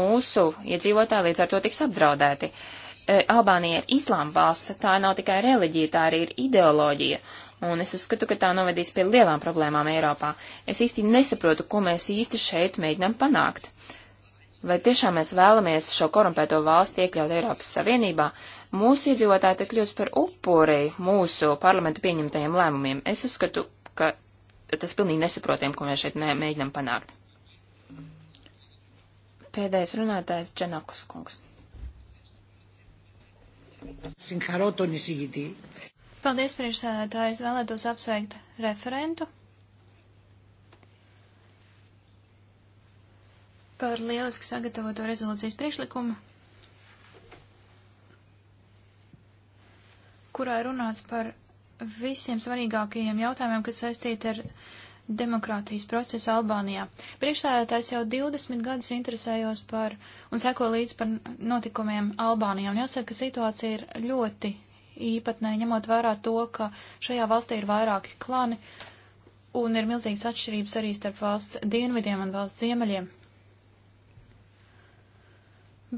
mūsu iedzīvotāji līdz ar to tiks apdraudēti. Uh, Albānija ir islāma valsts, tā nav tikai reliģija, tā arī ir ideoloģija, un es uzskatu, ka tā novedīs pie lielām problēmām Eiropā. Es īsti nesaprotu, ko mēs īsti šeit mēģinām panākt. Vai tiešām mēs vēlamies šo korumpēto valsti iekļaut Eiropas Savienībā? Mūsu iedzīvotāji te kļūst par upuri mūsu parlamentu pieņemtajiem lēmumiem. Es uzskatu, ka tas pilnīgi nesaprotam, ko mēs šeit mē mēģinām panākt. Pēdējais runātājs Džanakus kungs. Συγχαρώ τον εισηγητή Paldies, priekšsēdētāji. Es vēlētos apsveikt referentu par lieliski sagatavoto rezolūcijas priekšlikumu, kurā runāts par visiem svarīgākajiem jautājumiem, kas saistīti ar demokrātijas procesu Albānijā. Priekšstādātājs jau 20 gadus interesējos par un seko līdz par notikumiem Albānijā, un jāsaka, ka situācija ir ļoti īpatnēji, ņemot vērā to, ka šajā valstī ir vairāki klani un ir milzīgas atšķirības arī starp valsts dienvidiem un valsts ziemeļiem.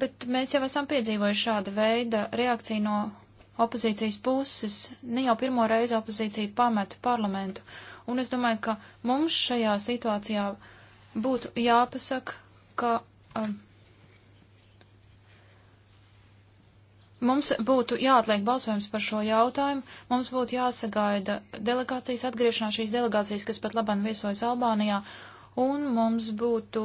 Bet mēs jau esam piedzīvojuši šāda veida reakciju no opozīcijas puses. Ne jau pirmo reizi opozīcija pameta parlamentu. Un es domāju, ka mums šajā situācijā būtu jāpasaka, ka um, Mums būtu jāatliek balsojums par šo jautājumu, mums būtu jāsagaida delegācijas atgriešanās šīs delegācijas, kas pat labam viesojas Albānijā, un mums būtu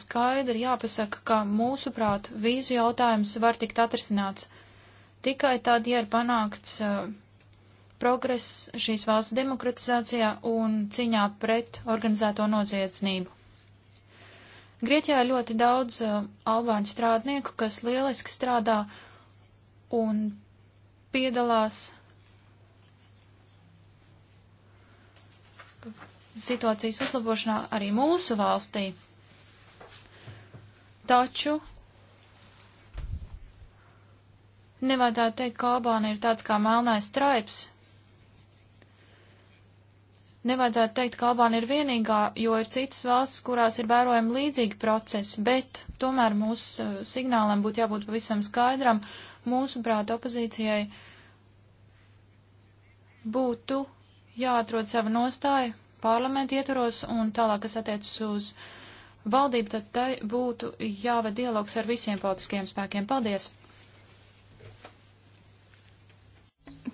skaidri jāpasaka, ka mūsuprāt vīzu jautājums var tikt atrisināts tikai tad, ja ir panākts uh, progress šīs valsts demokratizācijā un ciņā pret organizēto noziedznieku. Grieķijā ir ļoti daudz uh, albāņu strādnieku, kas lieliski strādā uh, un piedalās situācijas uzlabošanā arī mūsu valstī. Taču nevajadzētu teikt, ka Albāna ir tāds kā melnais straips. Nevajadzētu teikt, ka Albāna ir vienīgā, jo ir citas valstis, kurās ir vērojami līdzīgi procesi, bet tomēr mūsu signālam būtu jābūt pavisam skaidram mūsuprāt, opozīcijai būtu jāatrod sava nostāja parlamentu ietvaros un tālāk, kas attiecas uz valdību, tad tai būtu jāved dialogs ar visiem politiskajiem spēkiem. Paldies!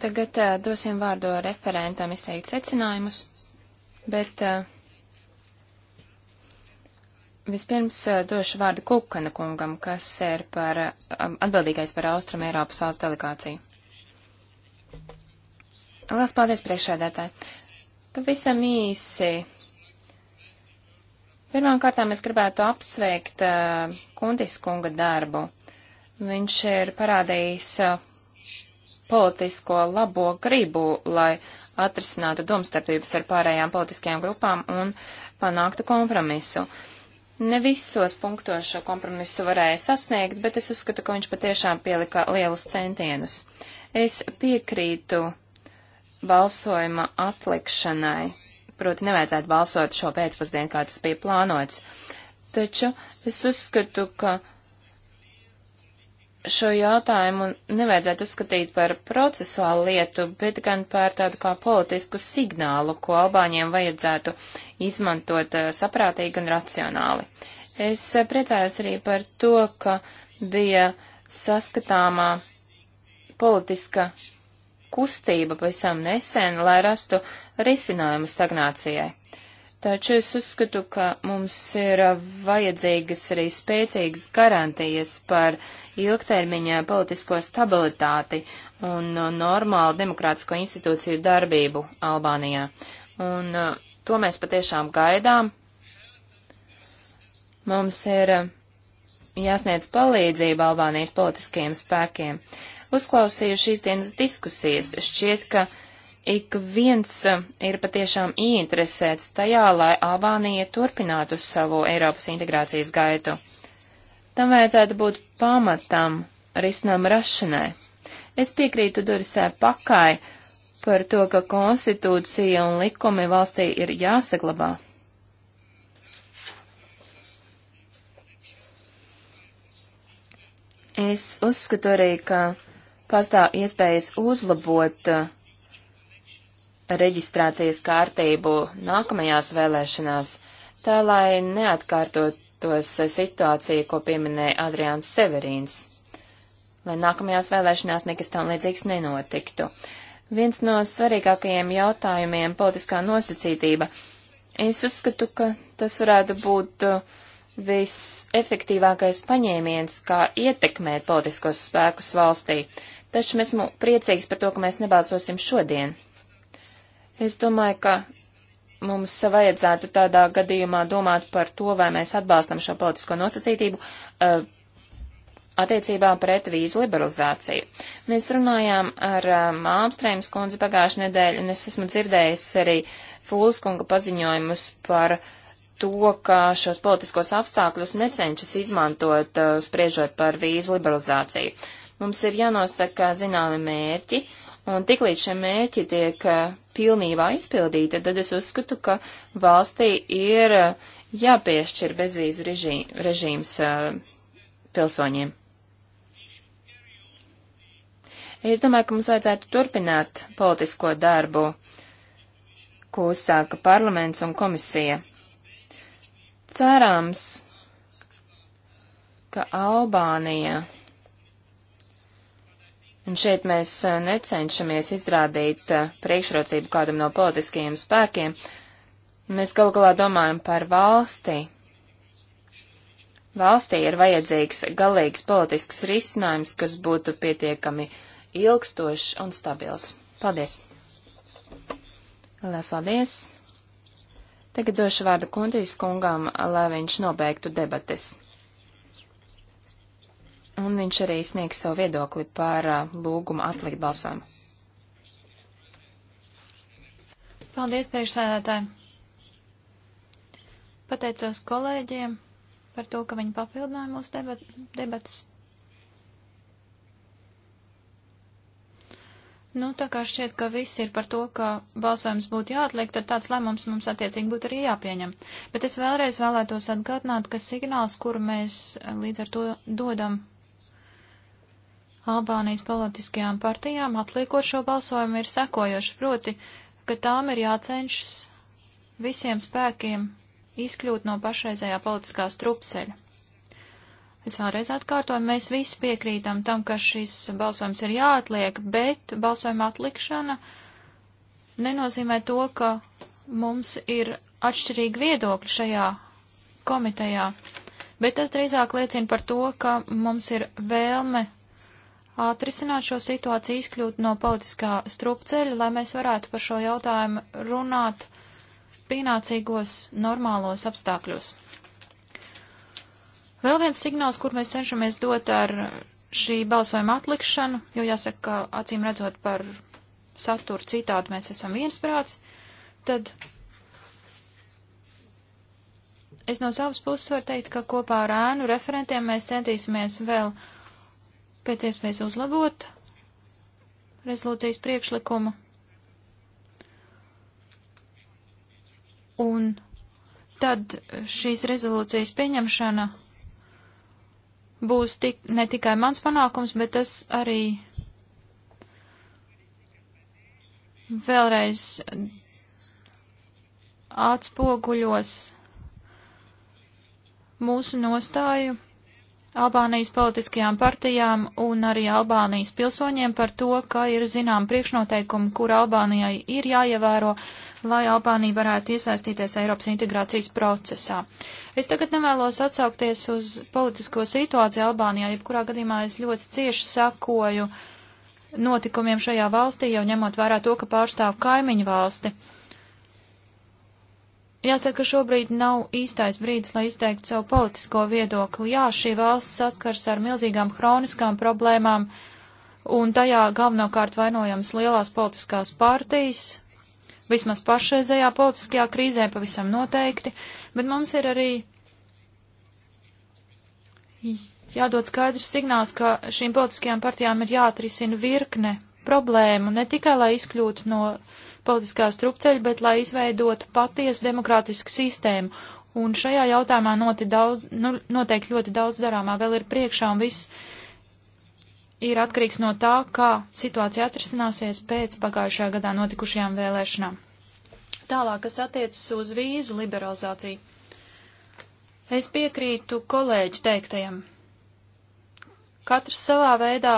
Tagad uh, dosim vārdu referentam izteikt secinājumus, bet uh, Vispirms eh, došu vārdu Kukana kungam, kas ir par, eh, atbildīgais par Austrum Eiropas valsts delegāciju. Lielas paldies priekšēdētāji. Pavisam īsi. Pirmām kārtām es gribētu apsveikt uh, Kundis kunga darbu. Viņš ir parādījis uh, politisko labo gribu, lai atrisinātu domstarpības ar pārējām politiskajām grupām un panāktu kompromisu. Uh, Ne visos punktos šo kompromisu varēja sasniegt, bet es uzskatu, ka viņš patiešām pielika lielus centienus. Es piekrītu balsojuma atlikšanai, proti nevajadzētu balsot šo pēcpusdienu, kā tas bija plānots. Taču es uzskatu, ka šo jautājumu nevajadzētu uzskatīt par procesuālu lietu, bet gan par tādu kā politisku signālu, ko Albāņiem vajadzētu izmantot eh, saprātīgi un racionāli. Es eh, priecājos arī par to, ka bija saskatāmā politiska kustība pavisam nesen, lai rastu risinājumu stagnācijai. Taču es uzskatu, ka mums ir eh, vajadzīgas arī spēcīgas garantijas par uh, ilgtermiņa politisko stabilitāti un uh, normālu demokrātisko institūciju darbību Albānijā. Un uh, to mēs patiešām gaidām. Mums ir uh, jāsniedz palīdzība Albānijas politiskajiem spēkiem. Uzklausīju šīs dienas diskusijas. Šķiet, ka ik viens ir patiešām ieinteresēts tajā, lai Albānija turpinātu savu Eiropas integrācijas gaitu. Tam vajadzētu būt pamatam risinām rašanai. Es piekrītu Durisē pakai par to, ka konstitūcija un likumi valstī ir jāsaglabā. Es uzskatu arī, ka pastāv iespējas uzlabot uh, reģistrācijas kārtību nākamajās vēlēšanās, tā lai neatkārtot tos eh, situāciju, ko pieminēja Adriāns Severīns, lai nākamajās vēlēšanās nekas tam līdzīgs nenotiktu. Viens no svarīgākajiem jautājumiem - politiskā nosacītība. Es uzskatu, ka tas varētu būt eh, visefektīvākais paņēmiens, kā ietekmēt politiskos spēkus valstī, taču esmu priecīgs par to, ka mēs nebalsosim šodien. Es domāju, ka mums vajadzētu tādā gadījumā domāt par to, vai mēs atbalstam šo politisko nosacītību uh, attiecībā pret vīzu liberalizāciju. Mēs runājām ar eh, Mālmstrēmas um, kundzi pagājušajā nedēļā, un es esmu dzirdējis arī Fūlskunga paziņojumus par to, ka šos politiskos apstākļus necenšas izmantot, uh, spriežot par vīzu liberalizāciju. Mums ir jānosaka zināmi mērķi, Un tiklīdz šie mērķi tiek eh, pilnībā izpildīti, tad es uzskatu, ka valstī ir eh, jāpiešķir bezvīzu režī, režīms eh, pilsoņiem. Es domāju, ka mums vajadzētu turpināt politisko darbu, ko uzsāka parlaments un komisija. Cerams, ka Albānija Un šeit mēs eh, necenšamies izrādīt eh, priekšrocību kādam no politiskajiem spēkiem. Mēs galu galā domājam par valsti. Valstī ir vajadzīgs galīgs politisks risinājums, kas būtu pietiekami ilgstošs un stabils. Paldies! Lielas paldies! Tagad došu vārdu Kuntīs kungam, lai viņš nobeigtu debates un viņš arī sniegs savu viedokli par uh, lūgumu atlikt balsojumu. Paldies, priekšsēdētāji! Pateicos kolēģiem par to, ka viņi papildināja mūsu debat debatas. Nu, tā kā šķiet, ka viss ir par to, ka balsojums būtu jāatliek, tad tāds lēmums mums attiecīgi būtu arī jāpieņem. Bet es vēlreiz vēlētos atgādināt, ka signāls, kuru mēs uh, līdz ar to dodam Albānijas politiskajām partijām atliekot šo balsojumu ir sekojoši, proti, ka tām ir jācenšas visiem spēkiem izkļūt no pašreizējā politiskā strupceļa. Es vēlreiz atkārtoju, mēs visi piekrītam tam, ka šis balsojums ir jāatliek, bet balsojuma atlikšana nenozīmē to, ka mums ir atšķirīgi viedokļi šajā komitejā, bet tas drīzāk liecina par to, ka mums ir vēlme atrisināt šo situāciju, izkļūt no politiskā strupceļa, lai mēs varētu par šo jautājumu runāt pienācīgos, normālos apstākļos. Vēl viens signāls, kur mēs cenšamies dot ar šī balsojuma atlikšanu, jo jāsaka, ka acīm redzot par saturu citādi mēs esam viensprāts, tad es no savas puses varu teikt, ka kopā ar ēnu referentiem mēs centīsimies vēl uh, pēc iespējas uzlabot rezolūcijas priekšlikumu. Un tad šīs rezolūcijas pieņemšana būs tik, ne tikai mans panākums, bet tas arī vēlreiz atspoguļos mūsu nostāju Albānijas politiskajām partijām un arī Albānijas pilsoņiem par to, ka ir zinām priekšnoteikumi, kur Albānijai ir jāievēro, lai Albānija varētu iesaistīties Eiropas integrācijas procesā. Es tagad nevēlos atsaukties uz politisko situāciju Albānijā, jebkurā gadījumā es ļoti cieši sakoju notikumiem šajā valstī, jau ņemot vērā to, ka pārstāv kaimiņu valsti. Jāsaka, šobrīd nav īstais brīdis, lai izteiktu savu politisko viedokli. Jā, šī valsts saskars ar milzīgām hroniskām problēmām, un tajā galvenokārt vainojams lielās politiskās partijas, vismaz pašreizējā politiskajā krīzē pavisam noteikti, bet mums ir arī jādod skaidrs signāls, ka šīm politiskajām partijām ir jāatrisina virkne problēmu, ne tikai lai izkļūtu no uh, politiskā strupceļa, bet lai izveidotu patiesu demokrātisku sistēmu. Un šajā jautājumā noti daudz, nu, noteikti ļoti daudz darāmā vēl ir priekšā, un viss ir atkarīgs no tā, kā situācija atrisināsies pēc pagājušajā gadā notikušajām vēlēšanām. Tālāk, kas attiecas uz vīzu liberalizāciju. Es piekrītu kolēģu teiktajam. Katrs savā veidā,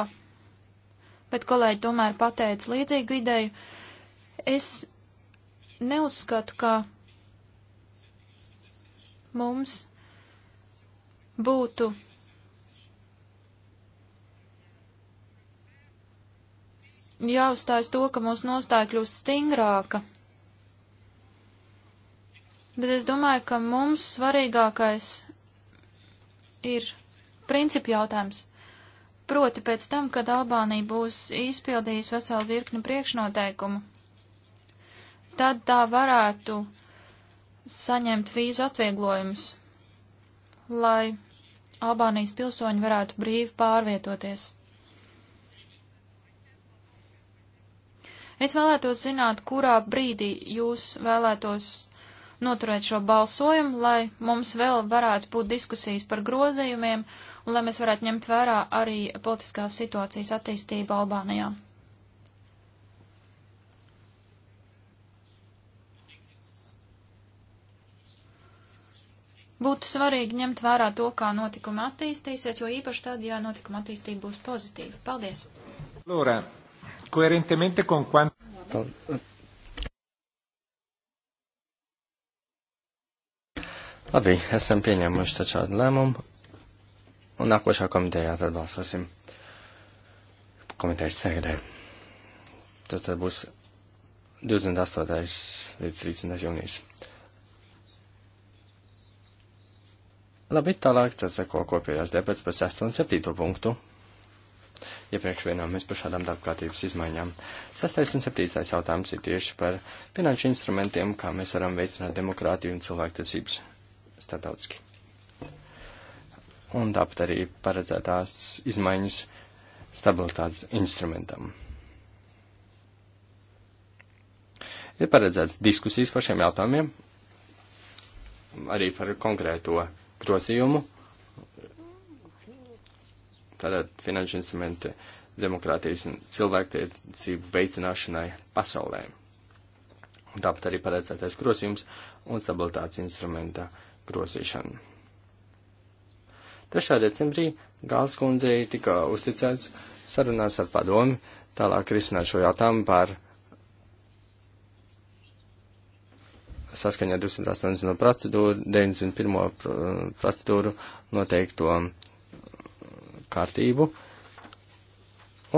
bet kolēģi tomēr pateica līdzīgu ideju Es neuzskatu, ka mums būtu jāuzstājas to, ka mūsu nostāja kļūst stingrāka. Bet es domāju, ka mums svarīgākais ir principu jautājums. Proti pēc tam, kad Albānija būs izpildījusi veselu virkni priekšnoteikumu, tad tā varētu saņemt vīzu atvieglojumus, lai Albānijas pilsoņi varētu brīvi pārvietoties. Es vēlētos zināt, kurā brīdī jūs vēlētos noturēt šo balsojumu, lai mums vēl varētu būt diskusijas par grozījumiem un lai mēs varētu ņemt vērā arī politiskās situācijas attīstību Albānijā. Būtu svarīgi ņemt vērā to, kā notikumi attīstīsies, jo īpaši tad, ja notikuma attīstība būs pozitīva. Paldies! Lora, coerentemente con quanto... Labi, esam pieņēmuši šādu lēmumu, un nākošā komiteja tad balsosim komitejas sēdē. Tad, tad būs 28. līdz 30. jūnijas. Labi, tālāk tad seko kopējās debats par 6 un 7 punktu. Iepriekš vienā mēs par šādām darbkārtības izmaiņām. 6. un 7. jautājums ir tieši par finanšu instrumentiem, kā mēs varam veicināt demokrātiju un cilvēktiesības starptautiski. Un tāpat arī paredzētās izmaiņas stabilitātes instrumentam. Ir paredzēts diskusijas par šiem jautājumiem, arī par konkrēto grozījumu. Tātad finanšu instrumenti demokrātijas un cilvēktiesību veicināšanai pasaulē. Un tāpat arī paredzētais grozījums un stabilitātes instrumenta grozīšana. 3. decembrī Gāls kundzei tika uzticēts sarunās ar padomi tālāk risināt šo jautājumu par saskaņā 280 no procedūru, 91 uh, procedūru noteikto kārtību.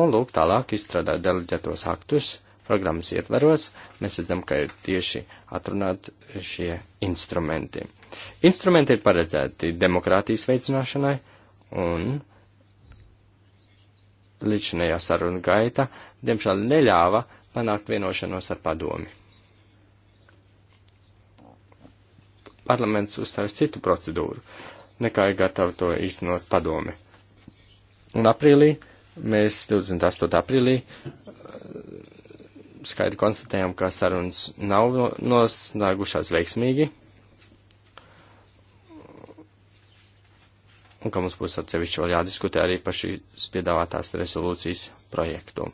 Un lūk, tālāk izstrādāt deleģētos aktus programmas ietveros. Mēs redzam, ka ir tieši atrunāti šie instrumenti. Instrumenti ir paredzēti demokrātijas veicināšanai un līdzinējā saruna gaita, diemžēl neļāva panākt vienošanos ar padomi. parlaments uzstājas citu procedūru, nekā ir gatava to īstenot padome. Un aprīlī, mēs 28. aprīlī eh, skaidri konstatējām, ka sarunas nav noslēgušās veiksmīgi. Un ka mums būs atsevišķi vēl jādiskutē arī par šīs piedāvātās rezolūcijas projektu.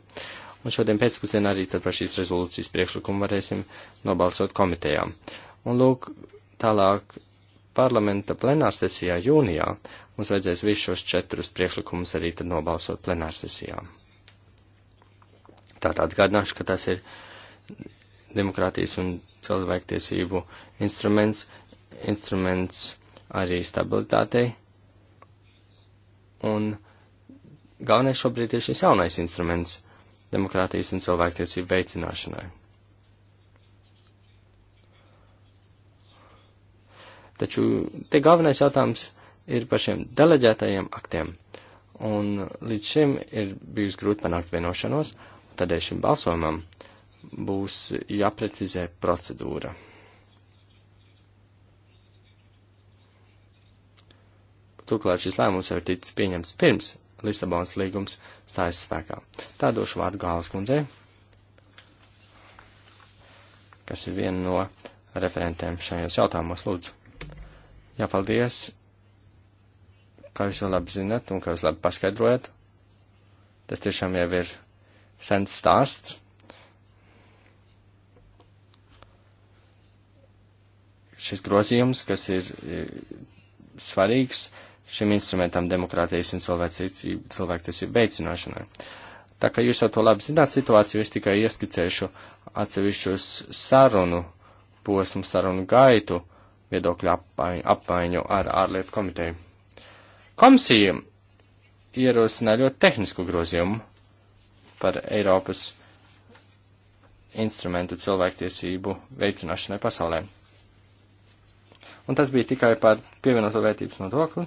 Un šodien pēcpusdienā arī tad par šīs rezolūcijas priekšlikumu varēsim nobalsot komitejām. Un lūk, Tālāk parlamenta plenārsesijā jūnijā mums vajadzēs visus šos četrus priekšlikumus arī tad nobalsot plenārsesijā. Tātad atgādināšu, ka tas ir demokrātijas un cilvēktiesību instruments, instruments arī stabilitātei. Un galvenais šobrīd ir šis jaunais instruments demokrātijas un cilvēktiesību veicināšanai. Taču te galvenais jautājums ir par šiem deleģētajiem aktiem. Un līdz šim ir bijusi grūti panākt vienošanos, tādēļ šim balsojumam būs jāprecizē procedūra. Turklāt šis lēmums jau ir ticis pieņemts pirms Lisabonas līgums stājas spēkā. Tā došu vārdu Gāles kundzei, kas ir viena no referentēm šajos jautājumos lūdzu. Jā, paldies, kā jūs jau labi zinat un kā jūs labi paskaidrojat. Tas tiešām jau ir sens stāsts. Šis grozījums, kas ir svarīgs šim instrumentam demokrātijas un cilvēktiesību veicināšanai. Tā kā jūs jau to labi zināt, situāciju es tikai ieskicēšu atsevišķus sarunu posmu, sarunu gaitu viedokļu apmaiņu, apmaiņu ar ārlietu komiteju. Komisija ierosina ļoti tehnisku grozījumu par Eiropas instrumentu cilvēktiesību veicināšanai pasaulē. Un tas bija tikai par pievienoto vērtības nodokli,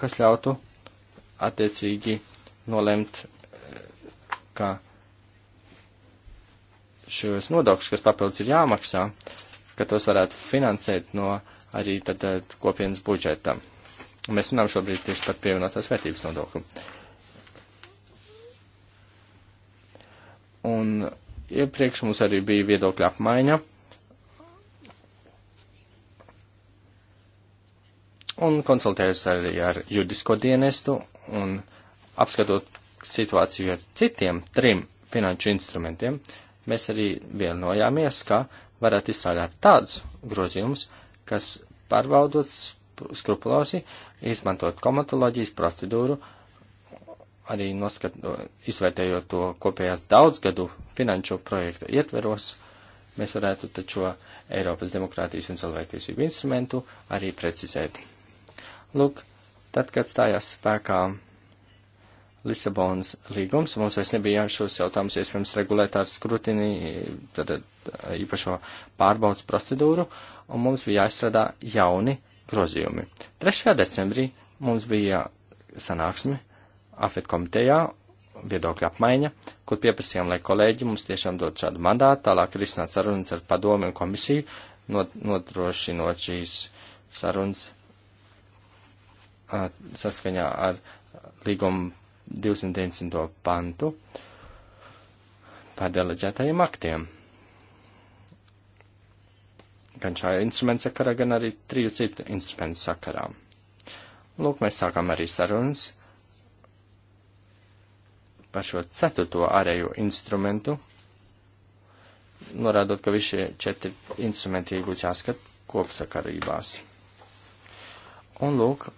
kas ļautu attiecīgi nolemt, ka šos nodokļus, kas papildus ir jāmaksā, ka tos varētu finansēt no arī tad eh, kopienas budžeta. Un mēs runājam šobrīd tieši par pievienotās vērtības nodokli. Un iepriekš mums arī bija viedokļa apmaiņa. Un konsultējos arī ar juridisko dienestu un apskatot situāciju ar citiem trim finanšu instrumentiem, uh, mēs arī vienojāmies, ka varētu izstrādāt tādus grozījumus, kas pārbaudot skrupulosi, izmantot komatoloģijas procedūru, arī noskat, izvērtējot to kopējās daudzgadu finanšu projektu ietveros, mēs varētu taču Eiropas demokrātijas un cilvēktiesību instrumentu arī precizēt. Lūk, tad, kad stājās spēkā Lisabonas līgums. Mums vairs nebija šos jautājumus iespējams regulēt ar skrutini, tad īpašo pārbaudas procedūru, un mums bija jāizstrādā jauni grozījumi. 3. decembrī mums bija sanāksme AFET komitejā, viedokļa apmaiņa, kur pieprasījām, lai kolēģi mums tiešām dod šādu mandātu, tālāk risināt sarunas ar padomi un komisiju, nodrošinot šīs sarunas saskaņā ar līgumu 290. pantu par deleģētajiem aktiem. Gan šā instrumenta sakarā, gan arī triju citu instrumentu sakarā. Lūk, mēs sākam arī sarunas par šo ceturto ārējo instrumentu, norādot, ka visi šie četri instrumenti ir gluķi jāskat kopsakarībās. Un lūk,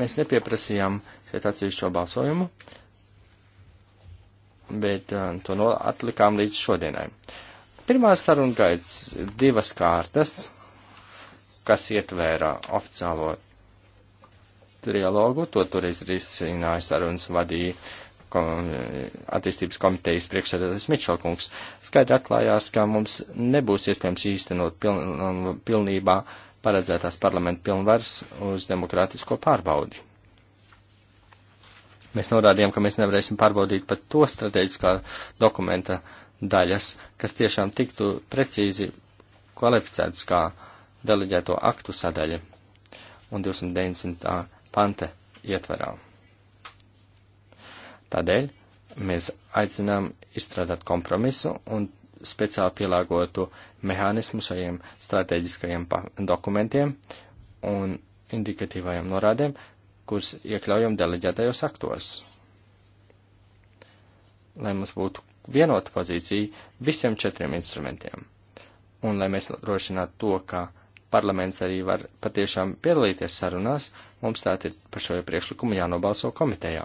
mēs nepieprasījām šeit atsevišķo balsojumu, bet uh, to no atlikām līdz šodienai. Pirmā saruna gaids divas kārtas, kas ietvēra oficiālo trialogu, to tur izrisināja sarunas vadīja kom, attīstības komitejas priekšsēdētājs Mičelkungs. Skaidri atklājās, ka mums nebūs iespējams īstenot piln, pilnībā paredzētās parlamenta pilnvars uz demokrātisko pārbaudi. Mēs norādījām, ka mēs nevarēsim pārbaudīt pat to strateģiskā dokumenta daļas, kas tiešām tiktu precīzi kvalificētas kā deleģēto aktu sadaļa un 290. pante ietverā. Tādēļ mēs aicinām izstrādāt kompromisu un speciāli pielāgotu mehānismu šajiem strateģiskajiem dokumentiem un indikatīvajiem norādēm, kurus iekļaujam deleģētajos aktos. Lai mums būtu vienota pozīcija visiem četriem instrumentiem. Un lai mēs rošinātu to, ka parlaments arī var patiešām piedalīties sarunās, mums tā ir par šo priekšlikumu jānobalso komitejā.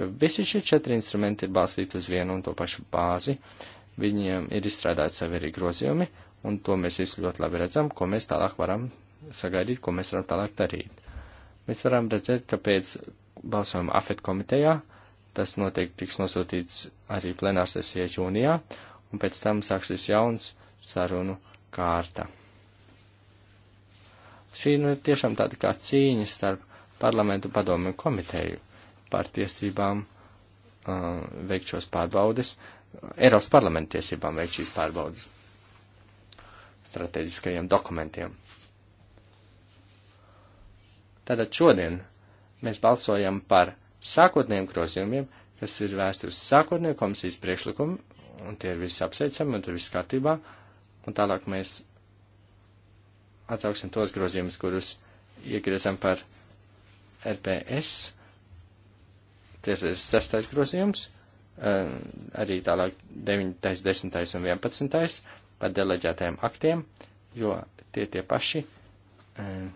Jo visi šie četri instrumenti ir balstīti uz vienu un to pašu bāzi, viņiem ir izstrādāti savi arī grozījumi, un to mēs visi ļoti labi redzam, ko mēs tālāk varam sagaidīt, ko mēs varam tālāk darīt. Mēs varam redzēt, ka pēc balsojuma AFET komitejā tas noteikti tiks nosūtīts arī plenārsesijā jūnijā, un pēc tam sāksies jauns sarunu kārta. Šī nu, ir nu, tiešām tāda kā cīņa starp parlamentu padomu komiteju par tiesībām uh, veikt šos pārbaudes, Eiropas parlamenta tiesībām veikt šīs pārbaudes strateģiskajiem dokumentiem. Tātad šodien mēs balsojam par sākotnējiem grozījumiem, kas ir vēsti uz sākotnēju komisijas priekšlikumu, un tie ir viss apsveicami, un tur viss kārtībā, un tālāk mēs atsauksim tos grozījumus, kurus iegriezam par RPS, tas ir sestais grozījums, eh, arī tālāk 9., 10. un 11. par deleģētajiem aktiem, jo tie tie paši. Um,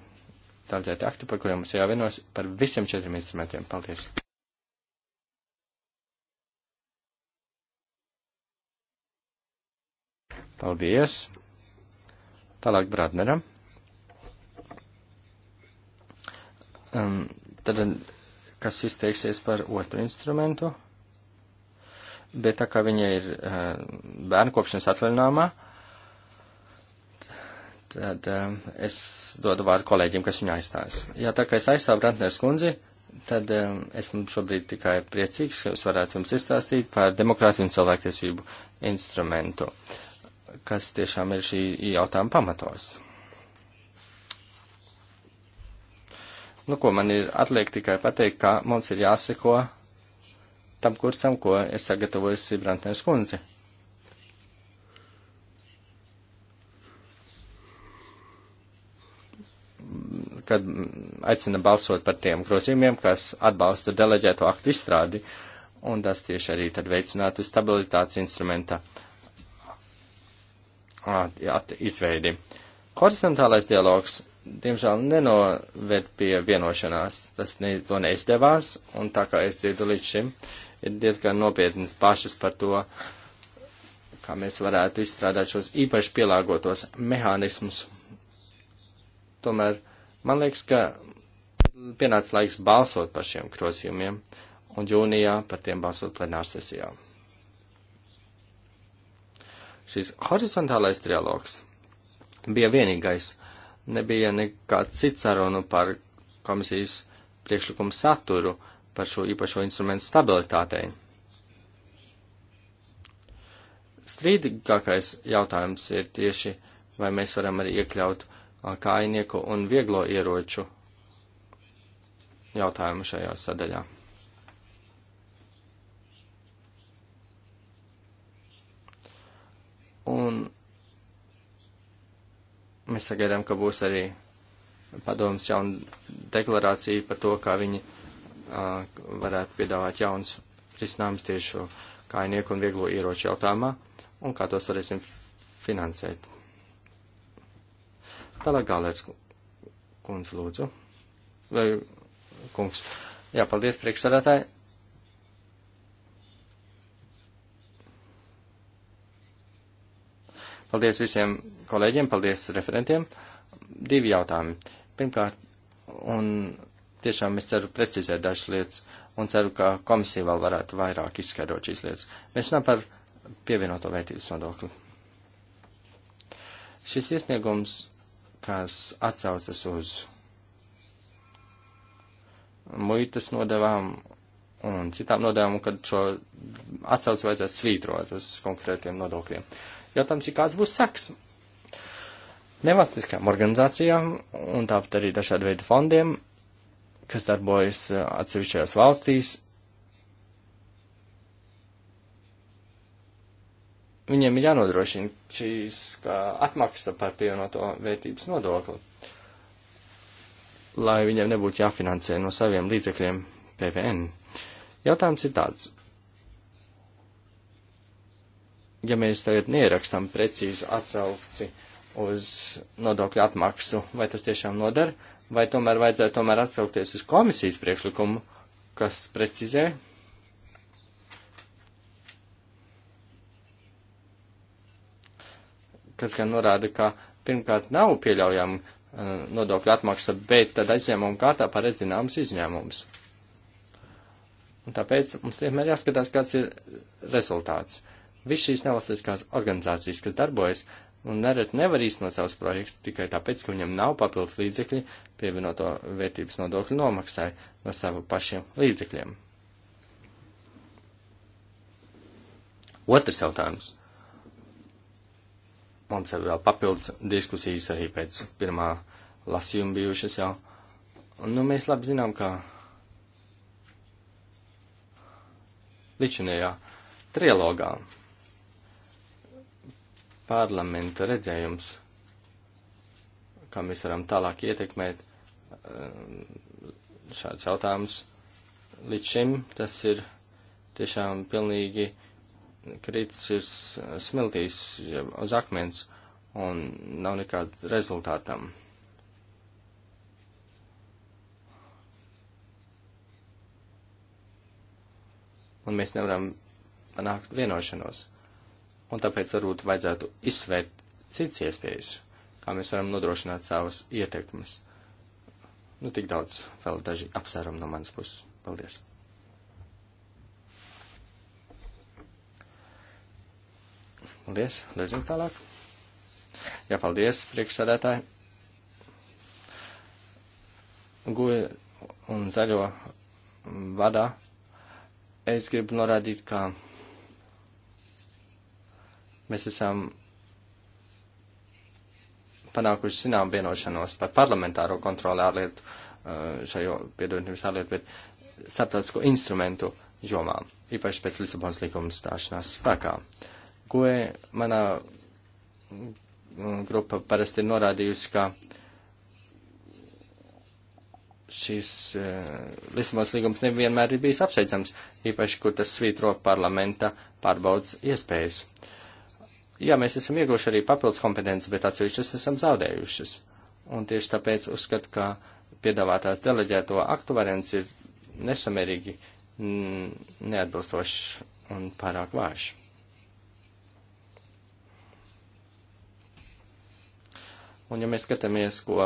Tātad akti, par kuriem mums jāvienos par visiem četriem instrumentiem. Paldies! Paldies! Tālāk Bratneram. Um, tad, kas izteiksies par otru instrumentu? Bet tā kā viņa ir uh, bērnu kopšanas atvaļinājumā, Tad um, es dodu vārdu kolēģiem, kas viņu aizstās. Jā, tā kā es aizstāvu Brantners kundzi, tad um, esmu šobrīd tikai priecīgs, ka es varētu jums izstāstīt par demokrātiju un cilvēktiesību instrumentu, kas tiešām ir šī jautājuma pamatos. Nu, ko man ir atliek tikai pateikt, ka mums ir jāseko tam kursam, ko ir sagatavojusi Brantners kundze. kad aicina balsot par tiem grozījumiem, kas atbalsta deleģēto aktu izstrādi, un tas tieši arī tad veicinātu stabilitātes instrumenta izveidi. Horizontālais dialogs, diemžēl, nenovērt pie vienošanās, tas ne, to neizdevās, un tā kā es dzirdu līdz šim, ir diezgan nopietnas pašas par to, kā mēs varētu izstrādāt šos īpaši pielāgotos mehānismus. Tomēr Man liekas, ka pienācis laiks balsot par šiem grozījumiem un jūnijā par tiem balsot plenārsesijā. Šis horizontālais trialogs bija vienīgais, nebija nekāds cits sarunu par komisijas priekšlikumu saturu par šo īpašo instrumentu stabilitātei. Strīdīgākais jautājums ir tieši, vai mēs varam arī iekļaut kājnieku un vieglo ieroču jautājumu šajā sadaļā. Un mēs sagaidām, ka būs arī padomas jauna deklarācija par to, kā viņi uh, varētu piedāvāt jauns risinājums tieši šo kājnieku un vieglo ieroču jautājumā un kā tos varēsim finansēt. Tālāk Gālērs kundz lūdzu. Vai kungs. Jā, paldies priekšsādātāji. Paldies visiem kolēģiem, paldies referentiem. Divi jautājumi. Pirmkārt, un tiešām es ceru precizēt dažas lietas, un ceru, ka komisija vēl varētu vairāk izskaidrot šīs lietas. Mēs runājam par pievienoto vērtības nodokli. Šis iesniegums kas atsaucas uz muitas nodevām un citām nodevām, kad šo atsauci vajadzētu svītrot uz konkrētiem nodokļiem. Jautājums ir, kāds būs seks? Nevalstiskām organizācijām un tāpat arī dažādu veidu fondiem, kas darbojas uh, atsevišķajās valstīs, viņiem ir jānodrošina šīs atmaksta par pievienoto vērtības nodokli, lai viņiem nebūtu jāfinansē no saviem līdzekļiem PVN. Jautājums ir tāds. Ja mēs tagad nierakstam precīzu atsauci uz nodokļu atmaksu, vai tas tiešām nodara, vai tomēr vajadzētu tomēr atsaukties uz komisijas priekšlikumu, kas precizē, kas gan norāda, ka pirmkārt nav pieļaujama uh, nodokļu atmaksa, bet tad aizņēmuma kārtā paredz zināmas izņēmumus. Un tāpēc mums vienmēr jāskatās, kāds ir rezultāts. Viss šīs nevalstiskās organizācijas, kas darbojas, un neret nevar īstenot savus projektus tikai tāpēc, ka viņam nav papildus līdzekļi pievienoto vērtības nodokļu nomaksai no savu pašiem līdzekļiem. Otrs jautājums mums ir vēl papildus diskusijas arī pēc pirmā lasījuma bijušas jau. Un, nu, mēs labi zinām, ka ličinējā trilogā parlamenta redzējums, kā mēs varam tālāk ietekmēt um, šāds jautājums, līdz šim tas ir tiešām pilnīgi krītis ir smiltīs uz akmens un nav nekāda rezultātam. Un mēs nevaram panākt vienošanos. Un tāpēc varbūt vajadzētu izsvērt cits iespējas, kā mēs varam nodrošināt savas ietekmes. Nu, tik daudz vēl daži apsvērumi no manas puses. Paldies! Paldies, lezim tālāk. Jā, paldies, priekšsēdētāji. Guja un zaļo vadā. Es gribu norādīt, ka mēs esam panākuši zinām vienošanos par parlamentāro kontroli ārlietu šajo, piedodiet, nevis ārlietu, bet starptautisko instrumentu jomām, īpaši pēc Lisabonas līguma stāšanās spēkā. Uh, Goe manā mm, grupa parasti ir norādījusi, ka šīs uh, eh, Lisabons līgums nevienmēr ir bijis apsveicams, īpaši, kur tas svītro parlamenta pārbaudas iespējas. Jā, mēs esam ieguvuši arī papildus kompetences, bet atsevišķas esam zaudējušas. Un tieši tāpēc uzskatu, ka piedāvātās deleģēto aktu variants ir nesamērīgi mm, neatbilstošs un pārāk vājš. Un ja mēs skatāmies, ko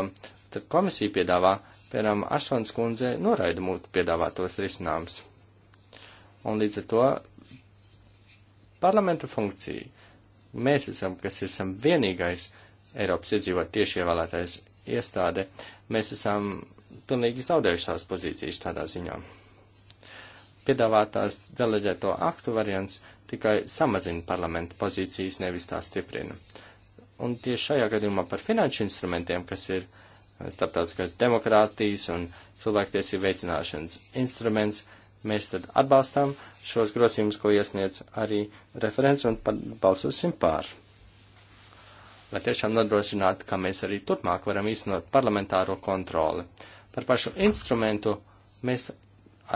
tad komisija piedāvā, piemēram, Ašons kundze noraida mūtu piedāvātos risinājums. Un līdz ar to parlamenta funkcija. Mēs esam, kas esam vienīgais Eiropas iedzīvot tieši ievēlētais iestāde, mēs esam pilnīgi zaudējuši savas pozīcijas tādā ziņā. Piedāvātās deleģēto aktu variants tikai samazina parlamenta pozīcijas, nevis tās stiprina. Uh, Un tieši šajā gadījumā par finanšu instrumentiem, kas ir eh, starptautiskās demokrātijas un cilvēktiesību veicināšanas instruments, mēs tad atbalstām šos grozījumus, ko iesniedz arī referents un balsosim pār. Lai tiešām nodrošinātu, ka mēs arī turpmāk varam īstenot parlamentāro kontroli. Par pašu instrumentu mēs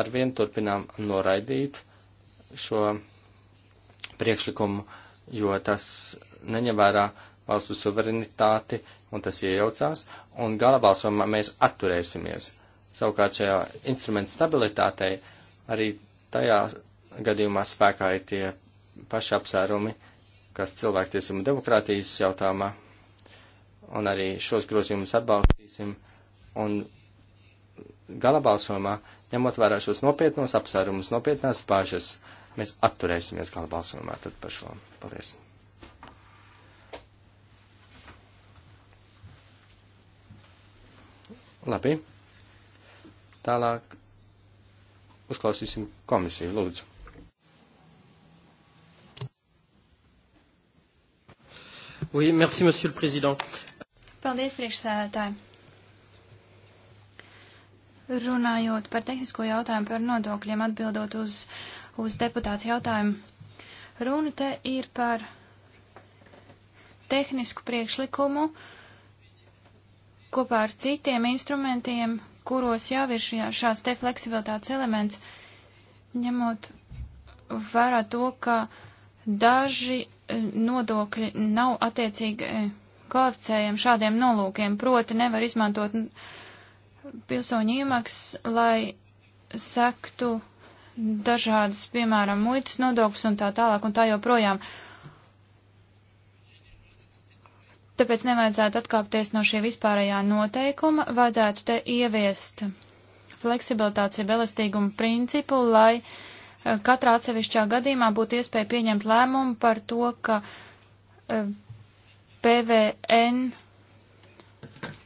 arvien turpinām noraidīt šo priekšlikumu, jo tas neņem vērā uh, valstu suverenitāti, un tas iejaucās, un gala balsojumā mēs atturēsimies. Savukārt šajā instrumenta stabilitātei arī tajā gadījumā spēkā ir tie paši apsērumi, kas cilvēktiesuma demokrātijas jautājumā, un arī šos grozījumus atbalstīsim, un gala balsojumā, ņemot vērā šos nopietnos apsērumus, nopietnās pāžas, mēs atturēsimies gala balsojumā tad par šo. Paldies! Labi. Tālāk uzklausīsim komisiju, lūdzu. Oui, merci, monsieur le président. Paldies, priekšsēdētāji. Runājot par tehnisko jautājumu par nodokļiem, atbildot uz, uz deputātu jautājumu, runa te ir par tehnisku priekšlikumu, uh, kopā ar citiem instrumentiem, kuros jau ir šajā, šāds te fleksibilitātes elements, ņemot vērā to, ka daži eh, nodokļi nav attiecīgi eh, kvalificējami šādiem nolūkiem, proti nevar izmantot pilsoņu iemaksas, lai sektu dažādas, piemēram, muitas nodokļus un tā tālāk un tā joprojām. Uh, Tāpēc nevajadzētu atkāpties no šī vispārējā noteikuma, vajadzētu te ieviest fleksibilitātes jeb elastīguma principu, lai e, katrā atsevišķā gadījumā būtu iespēja pieņemt lēmumu par to, ka e, PVN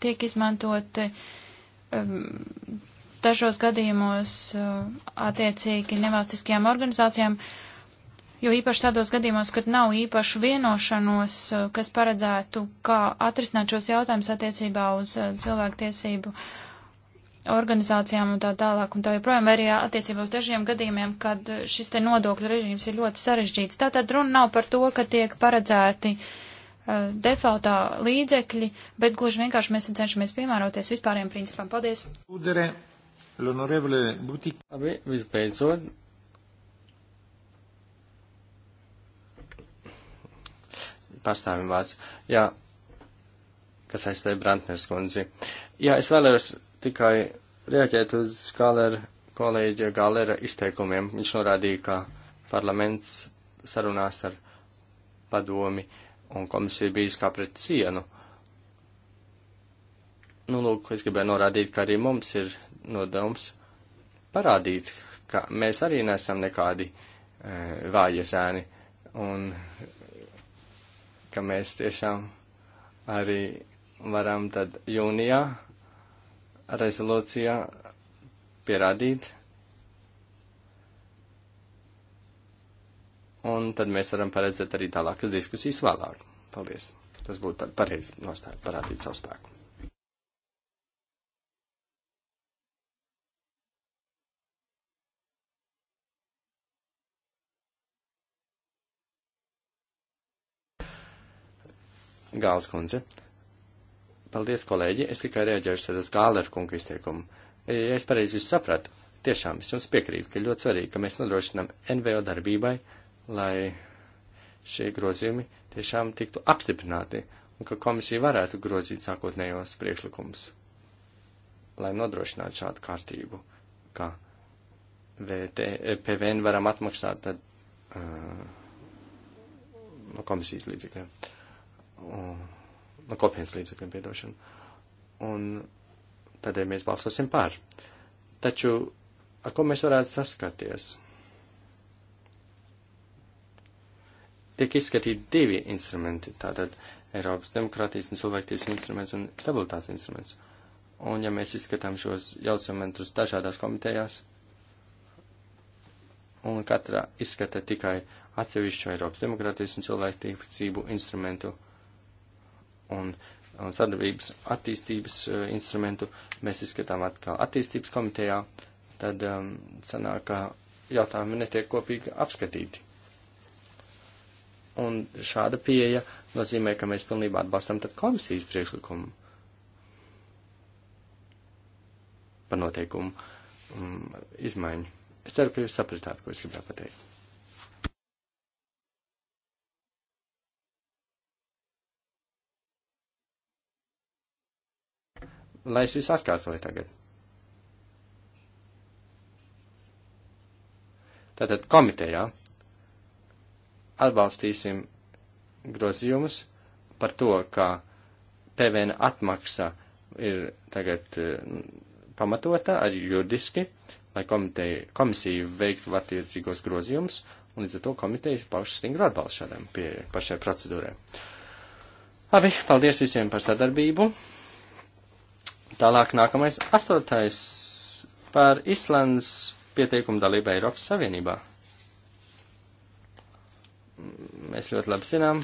tiek izmantoti e, dažos gadījumos attiecīgi nevalstiskajām organizācijām, uh, Jo īpaši tādos gadījumos, kad nav īpašu vienošanos, eh, kas paredzētu, kā atrisināt šos jautājumus attiecībā uz eh, cilvēktiesību organizācijām un tā tālāk un tā joprojām, vai arī attiecībā uz dažiem gadījumiem, kad eh, šis te nodokļu režīms ir ļoti sarežģīts. Tātad runa nav par to, ka tiek paredzēti uh, defaultā līdzekļi, bet gluži vienkārši mēs cenšamies piemēroties vispāriem principam. Paldies! Udere, Labi, visbeidzot, pārstāvim vārds. Jā, kas aizstāja Brantners kundzi. Jā, es vēlējos tikai reaģēt uz Galera, kolēģa Galera izteikumiem. Viņš norādīja, ka parlaments sarunās ar padomi un komisija bijis kā pret cienu. Nu, lūk, es gribēju norādīt, ka arī mums ir nodevums parādīt, ka mēs arī nesam nekādi e, eh, vāja zēni. Un ka mēs tiešām arī varam tad jūnijā rezolūcijā pierādīt. Un tad mēs varam paredzēt arī tālākas diskusijas vēlāk. Paldies! Tas būtu pareizi nostāja parādīt savu spēku. Gāls kundze. Paldies, kolēģi. Es tikai reaģēšu tad uz Gāleru kungu izteikumu. E, ja es pareizi jūs sapratu, tiešām es jums piekrītu, ka ļoti svarīgi, ka mēs nodrošinām NVO darbībai, lai šie grozījumi tiešām tiktu apstiprināti un ka komisija varētu grozīt sākotnējos priekšlikumus, lai nodrošinātu šādu kārtību, ka VT, e, PVN varam atmaksāt tad, uh, no komisijas līdzekļiem. Ja un, no nu, kopienas līdzekļiem piedošanu. Un tādēļ mēs balsosim pār. Taču ar ko mēs varētu saskarties? Tiek izskatīti divi instrumenti, tātad Eiropas demokrātijas un cilvēktiesas instruments un stabilitātes instruments. Un ja mēs izskatām šos jautājumus dažādās komitejās, un katra izskata tikai atsevišķu Eiropas demokrātijas un cilvēktiesību instrumentu un, un sadarbības attīstības eh, instrumentu mēs izskatām atkal attīstības komitejā, tad um, sanāk, ka jautājumi netiek kopīgi apskatīti. Un šāda pieeja nozīmē, ka mēs pilnībā atbalstam tad komisijas priekšlikumu par noteikumu um, izmaiņu. Es ceru, ka jūs sapratāt, ko es gribēju pateikt. lai es visu atkārtoju tagad. Tātad komitejā atbalstīsim grozījumus par to, ka PVN atmaksa ir tagad eh, pamatota arī juridiski, lai komiteja, komisija veiktu attiecīgos grozījumus, un līdz ar to komitejas pauž stingru atbalstu šādam pieeja pašai procedūrai. Labi, paldies visiem par sadarbību. Tālāk nākamais astotais par Islandes pieteikumu dalību Eiropas Savienībā. Mēs ļoti labi zinām,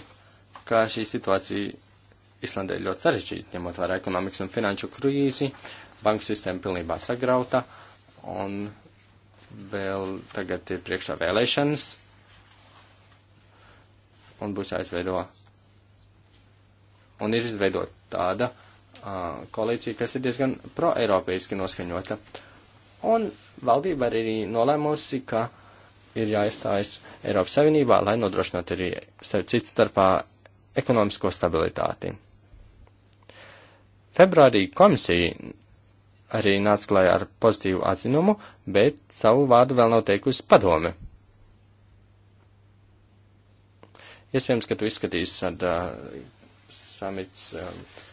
ka šī situācija Islandē ir ļoti sarežģīta, ņemot vērā ekonomikas un finanšu krīzi, banku sistēma pilnībā sagrauta, un vēl tagad ir priekšā vēlēšanas, un būs jāizveido, un ir izveidot tāda koalīcija, kas ir diezgan pro-eiropeiski noskaņota. Un valdība arī nolēmusi, ka ir jāizstājas Eiropas Savienībā, lai nodrošinātu arī starp citu starpā ekonomisko stabilitāti. Februārī komisija arī nāca klājā ar pozitīvu atzinumu, bet savu vārdu vēl nav teikusi padome. Iespējams, ka tu izskatīsi, tad uh, samits. Uh, um,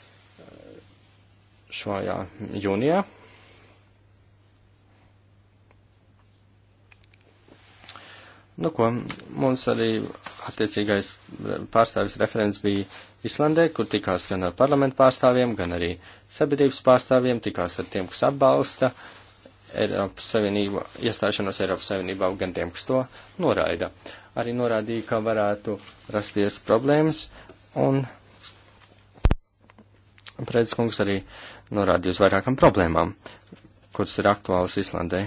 šajā jūnijā. Nu, ko, mums arī attiecīgais pārstāvis referents bija Islandē, kur tikās gan ar parlamentu pārstāvjiem, gan arī sabiedrības pārstāvjiem, tikās ar tiem, kas atbalsta Eiropas Savienību, iestāšanos Eiropas Savienībā, gan tiem, kas to noraida. Arī norādīja, ka varētu rasties problēmas, un Prēdiskungs arī uh, norādīju uz vairākām problēmām, kuras ir aktuālas Islandē.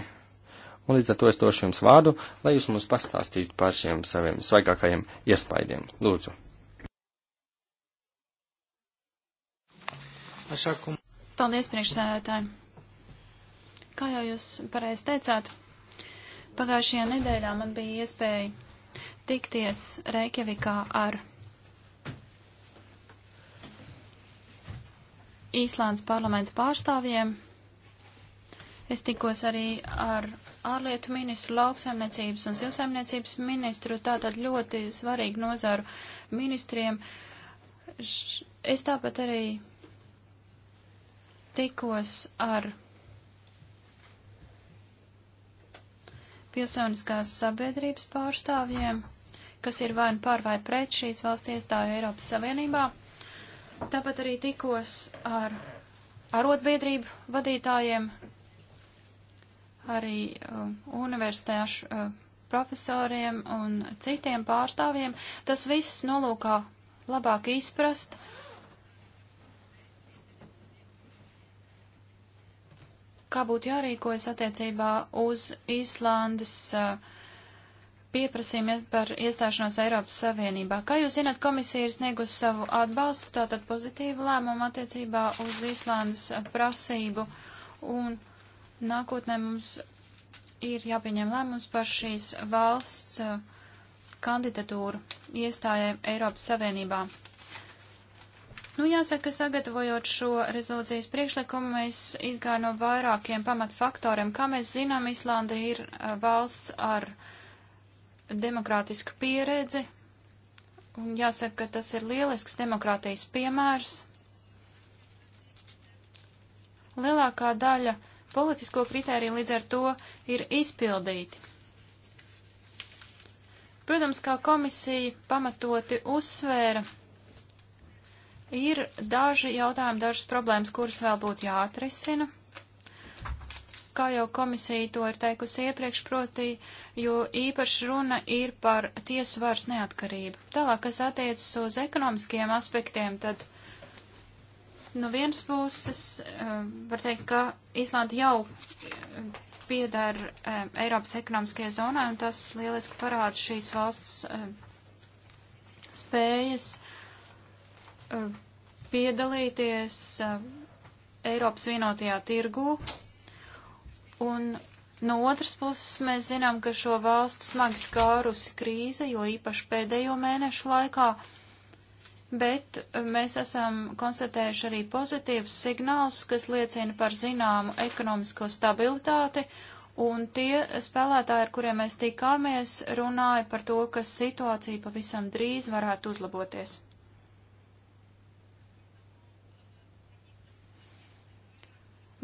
Un līdz ar to es došu jums vārdu, lai jūs mums pastāstītu par šiem saviem svaigākajiem iespaidiem. Lūdzu. Paldies, priekšsēdētāji. Kā jau jūs pareizi teicāt, pagājušajā nedēļā man bija iespēja tikties Reikjavikā ar Īslandes parlamenta pārstāvjiem. Es tikos arī ar ārlietu ministru, lauksaimniecības un zilsaimniecības ministru, tātad ļoti svarīgu nozaru ministriem. Es tāpat arī tikos ar pilsoniskās sabiedrības pārstāvjiem, kas ir vai nu pār vai pret šīs valsts iestāju Eiropas Savienībā. Tāpat arī tikos ar arotbiedrību vadītājiem, arī uh, universitāšu uh, profesoriem un citiem pārstāvjiem. Tas viss nolūkā labāk izprast, kā būtu jārīkojas attiecībā uz Īslandes uh, pieprasījumu par iestāšanos Eiropas Savienībā. Kā jūs zināt, komisija ir sniegusi savu atbalstu, tātad pozitīvu lēmumu attiecībā uz Īslandes prasību, un nākotnē mums ir jāpieņem lēmums par šīs valsts eh, kandidatūru iestājai Eiropas Savienībā. Nu, jāsaka, sagatavojot šo rezolūcijas priekšlikumu, mēs izgājām no vairākiem pamatfaktoriem. Kā mēs zinām, Islanda ir eh, valsts ar uh, demokrātiska pieredzi, un jāsaka, ka tas ir lielisks demokrātijas piemērs. Lielākā daļa politisko kritēriju līdz ar to ir izpildīti. Protams, kā komisija pamatoti uzsvēra, ir daži jautājumi, dažas problēmas, kuras vēl būtu jāatrisina. Kā jau komisija to ir teikusi iepriekš, proti, uh, jo īpaši runa ir par tiesu vairs neatkarību. Tālāk, kas attiecas uz ekonomiskajiem aspektiem, tad no vienas puses eh, var teikt, ka Islanda jau eh, piedara eh, Eiropas ekonomiskajai zonai, un tas lieliski parāda šīs valsts spējas piedalīties Eiropas vienotajā tirgū, un No otras puses, mēs zinām, ka šo valstu smagi skārusi krīze, jo īpaši pēdējo mēnešu laikā, bet e, mēs esam konstatējuši arī pozitīvus signālus, kas liecina par zināmu ekonomisko stabilitāti, un tie spēlētāji, ar kuriem mēs tikāmies, runāja par to, ka situācija pavisam drīz varētu uzlaboties.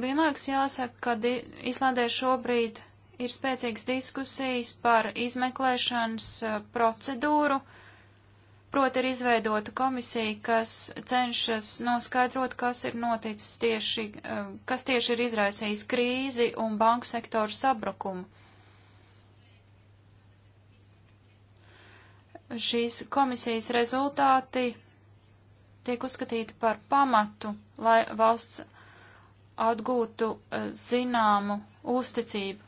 Vienlaiks jāsaka, ka Islandē šobrīd ir spēcīgas diskusijas par izmeklēšanas eh, procedūru, proti ir izveidota komisija, kas cenšas noskaidrot, kas ir noticis tieši, eh, kas tieši ir izraisījis krīzi un banku sektoru sabrukumu. Šīs komisijas rezultāti tiek uzskatīti par pamatu, lai valsts atgūtu eh, zināmu uzticību.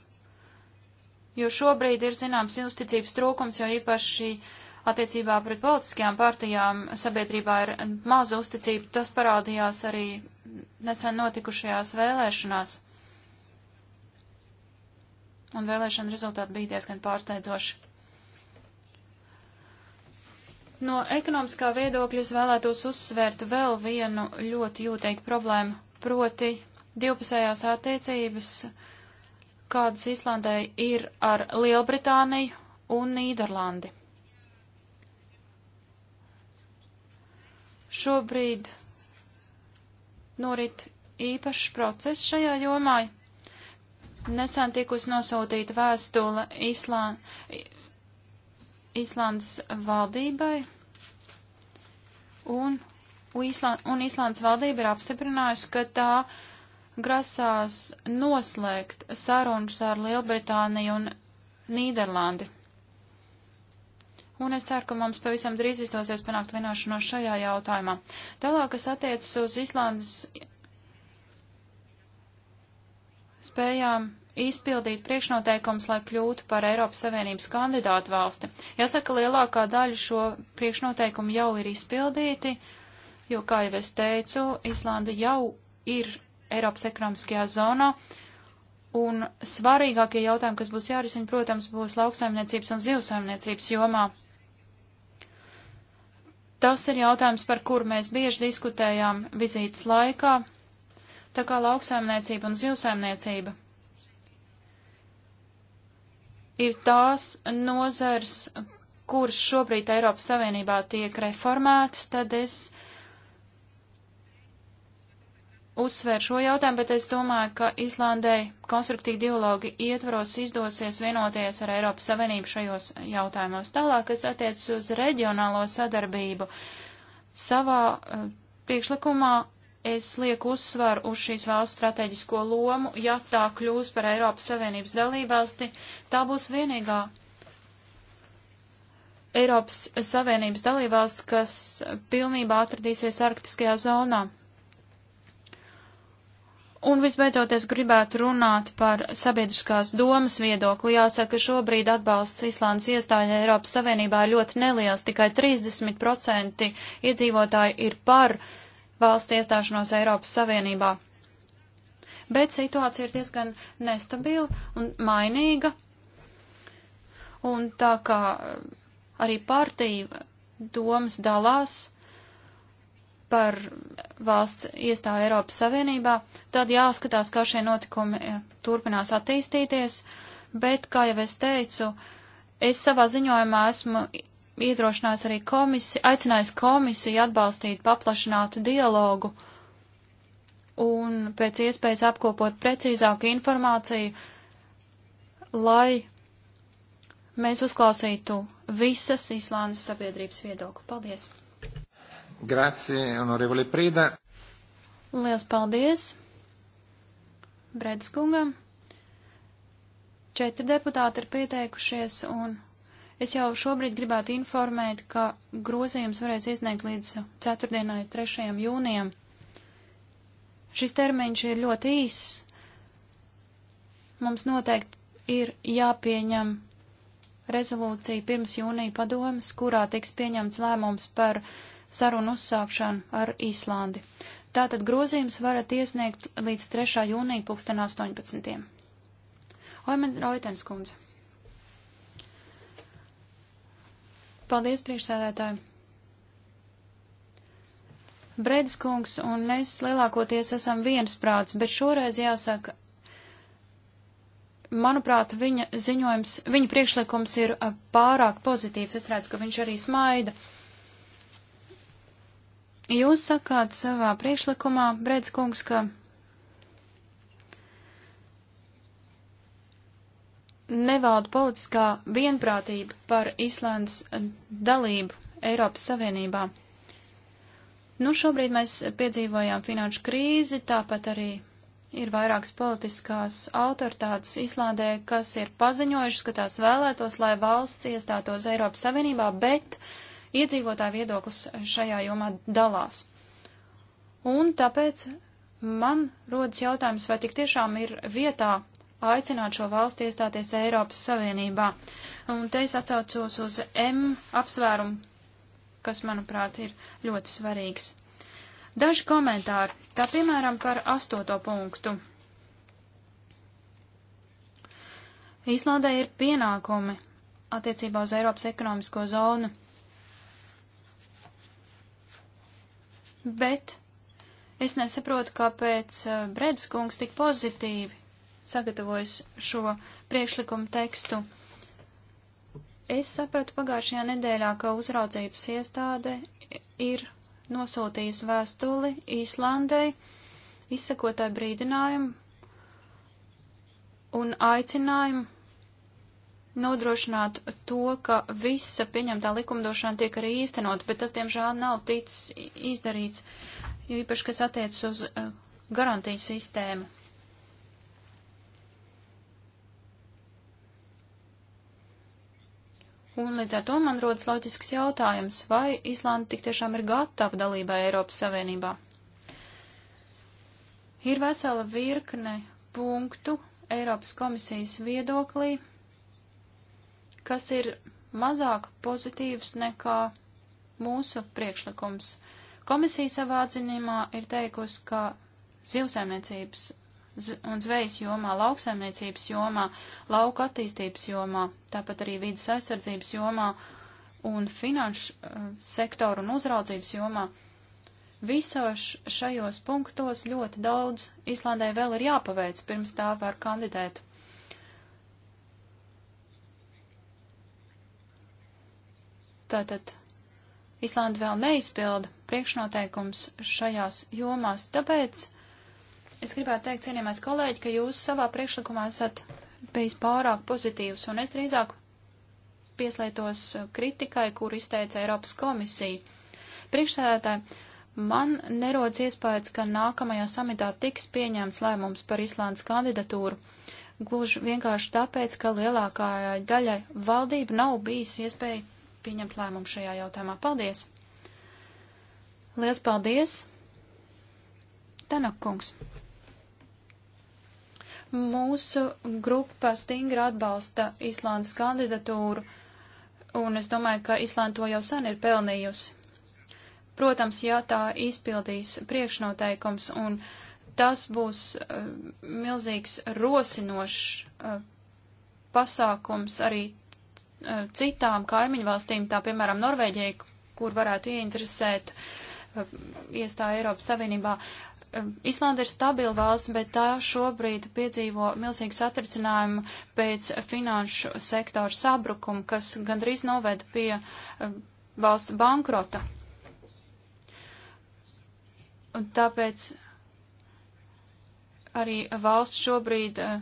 Jo šobrīd ir zināms uzticības trūkums, jo īpaši attiecībā pret politiskajām partijām sabiedrībā ir maza uzticība. Tas parādījās arī nesen notikušajās vēlēšanās. Un vēlēšana rezultāti bija diezgan pārsteidzoši. No ekonomiskā viedokļa es vēlētos uzsvērt vēl vienu ļoti jūtīgu problēmu, proti divpusējās attiecības, kādas Islandai ir ar Lielbritāniju un Nīderlandi. Šobrīd norit īpašs process šajā jomā. Nesen tikus nosūtīta vēstule Islān... Islandes valdībai, un, Island... un Islandes valdība ir apstiprinājusi, ka tā uh, grasās noslēgt sarunas ar Lielbritāniju un Nīderlandi. Un es ceru, ka mums pavisam drīz izdosies panākt vienošanos šajā jautājumā. Tālāk, kas attiecas uz Islandes spējām izpildīt priekšnoteikums, lai kļūtu par Eiropas Savienības kandidātu valsti. Jāsaka, lielākā daļa šo priekšnoteikumu jau ir izpildīti, jo, kā jau es teicu, Islanda jau ir Eiropas ekonomiskajā zonā. Un svarīgākie jautājumi, kas būs jārisina, protams, būs lauksaimniecības un zivsaimniecības jomā. Tas ir jautājums, par kuru mēs bieži diskutējām vizītes laikā, tā kā lauksaimniecība un zivsaimniecība ir tās nozars, kuras šobrīd Eiropas Savienībā tiek reformētas, tad es uzsver šo jautājumu, bet es domāju, ka Islandai konstruktīvi dialogi ietvaros izdosies vienoties ar Eiropas Savienību šajos jautājumos. Tālāk, kas attiecas uz reģionālo sadarbību, savā uh, priekšlikumā es lieku uzsvaru uz šīs valsts strateģisko lomu, ja tā kļūs par Eiropas Savienības dalībvalsti, tā būs vienīgā Eiropas Savienības dalībvalsts, kas pilnībā atradīsies arktiskajā zonā. Un visbeidzot, es gribētu runāt par sabiedriskās domas viedokli. Jāsaka, šobrīd atbalsts Islandes iestāja Eiropas Savienībā ir ļoti neliels. Tikai 30% iedzīvotāji ir par valsts iestāšanos Eiropas Savienībā. Bet situācija ir diezgan nestabila un mainīga. Un tā kā arī partija domas dalās, par valsts iestāju Eiropas Savienībā, tad jāskatās, kā šie notikumi eh, turpinās attīstīties, bet, kā jau es teicu, es savā ziņojumā esmu iedrošinājis arī komisiju, aicinājis komisiju atbalstīt paplašinātu dialogu un pēc iespējas apkopot precīzāku informāciju, lai mēs uzklausītu visas Īslandes sabiedrības viedokli. Paldies! Grazie, honorevole Preda. Liels paldies Bredas kungam. Četri deputāti ir pieteikušies, un es jau šobrīd gribētu informēt, ka grozījums varēs izniegt līdz ceturtdienai 3. jūnijam. Šis termiņš ir ļoti īss. Mums noteikti ir jāpieņem rezolūcija pirms jūnija padomas, kurā tiks pieņemts lēmums par uh, sarunu uzsākšanu ar Īslandi. Tātad grozījums varat iesniegt līdz 3. jūnija 2018. Oimens Roitens kundze. Paldies, priekšsēdētāji. Bredis kungs un es lielākoties esam viensprāts, bet šoreiz jāsaka, manuprāt, viņa ziņojums, viņa priekšlikums ir pārāk pozitīvs. Es redzu, ka viņš arī smaida. Uh, Jūs sakāt savā priekšlikumā, Brēc kungs, ka nevalda politiskā vienprātība par Īslandes dalību Eiropas Savienībā. Nu, šobrīd mēs piedzīvojām finanšu krīzi, tāpat arī ir vairākas politiskās autoritātes Islandē, kas ir paziņojušas, ka tās vēlētos, lai valsts iestātos Eiropas Savienībā, bet uh, iedzīvotāju viedoklis šajā jomā dalās. Un tāpēc man rodas jautājums, vai tik tiešām ir vietā aicināt šo valsti iestāties Eiropas Savienībā. Un te es atcaucos uz M apsvērumu, kas, manuprāt, ir ļoti svarīgs. Daži komentāri, kā piemēram par astoto punktu. Īslandē ir pienākumi attiecībā uz Eiropas ekonomisko zonu. bet es nesaprotu, kāpēc eh, Bredas kungs tik pozitīvi sagatavojas šo priekšlikumu tekstu. Es sapratu pagājušajā nedēļā, ka uzraudzības iestāde ir nosūtījusi vēstuli Īslandei, izsakotāju brīdinājumu un aicinājumu nodrošināt to, ka visa pieņemtā likumdošana tiek arī īstenot, bet tas, diemžēl, nav ticis izdarīts, jo īpaši, kas attiec uz eh, garantiju sistēmu. Un līdz ar to man rodas loģisks jautājums, vai Islanda tik tiešām ir gatava dalībai Eiropas Savienībā. Ir vesela virkne punktu Eiropas komisijas viedoklī, kas ir mazāk pozitīvs nekā mūsu priekšlikums. Komisija savā atzinumā ir teikusi, ka zivsaimniecības un zvejas jomā, lauksaimniecības jomā, lauka attīstības jomā, tāpat arī vidas aizsardzības jomā un finanšu uh, sektoru un uzraudzības jomā. Visos šajos punktos ļoti daudz Islandai vēl ir jāpaveic, pirms tā var kandidēt Tātad Islanda vēl neizpilda priekšnoteikums šajās jomās, tāpēc es gribētu teikt, cienījamais kolēģi, ka jūs savā priekšlikumā esat bijis pārāk pozitīvs, un es drīzāk pieslētos kritikai, kur izteica Eiropas komisija. Priekšsēdētāji, man nerodas iespējas, ka nākamajā samitā tiks pieņemts lēmums par Islandas kandidatūru gluži vienkārši tāpēc, ka lielākā daļai valdība nav bijis iespēja pieņemt lēmumu šajā jautājumā. Paldies! Lielas paldies! Tanakungs! Mūsu grupa stingri atbalsta Islandas kandidatūru, un es domāju, ka Islanda to jau sen ir pelnījusi. Protams, ja tā izpildīs priekšnoteikums, un tas būs uh, milzīgs rosinošs uh, pasākums arī Eh, citām kaimiņu valstīm, tā piemēram Norvēģijai, kur varētu ieinteresēt eh, iestāja Eiropas Savienībā. Eh, Islanda ir stabila valsts, bet tā šobrīd piedzīvo milzīgu satricinājumu pēc finanšu sektora sabrukuma, kas gandrīz noveda pie valsts bankrota. Un tāpēc arī valsts šobrīd uh,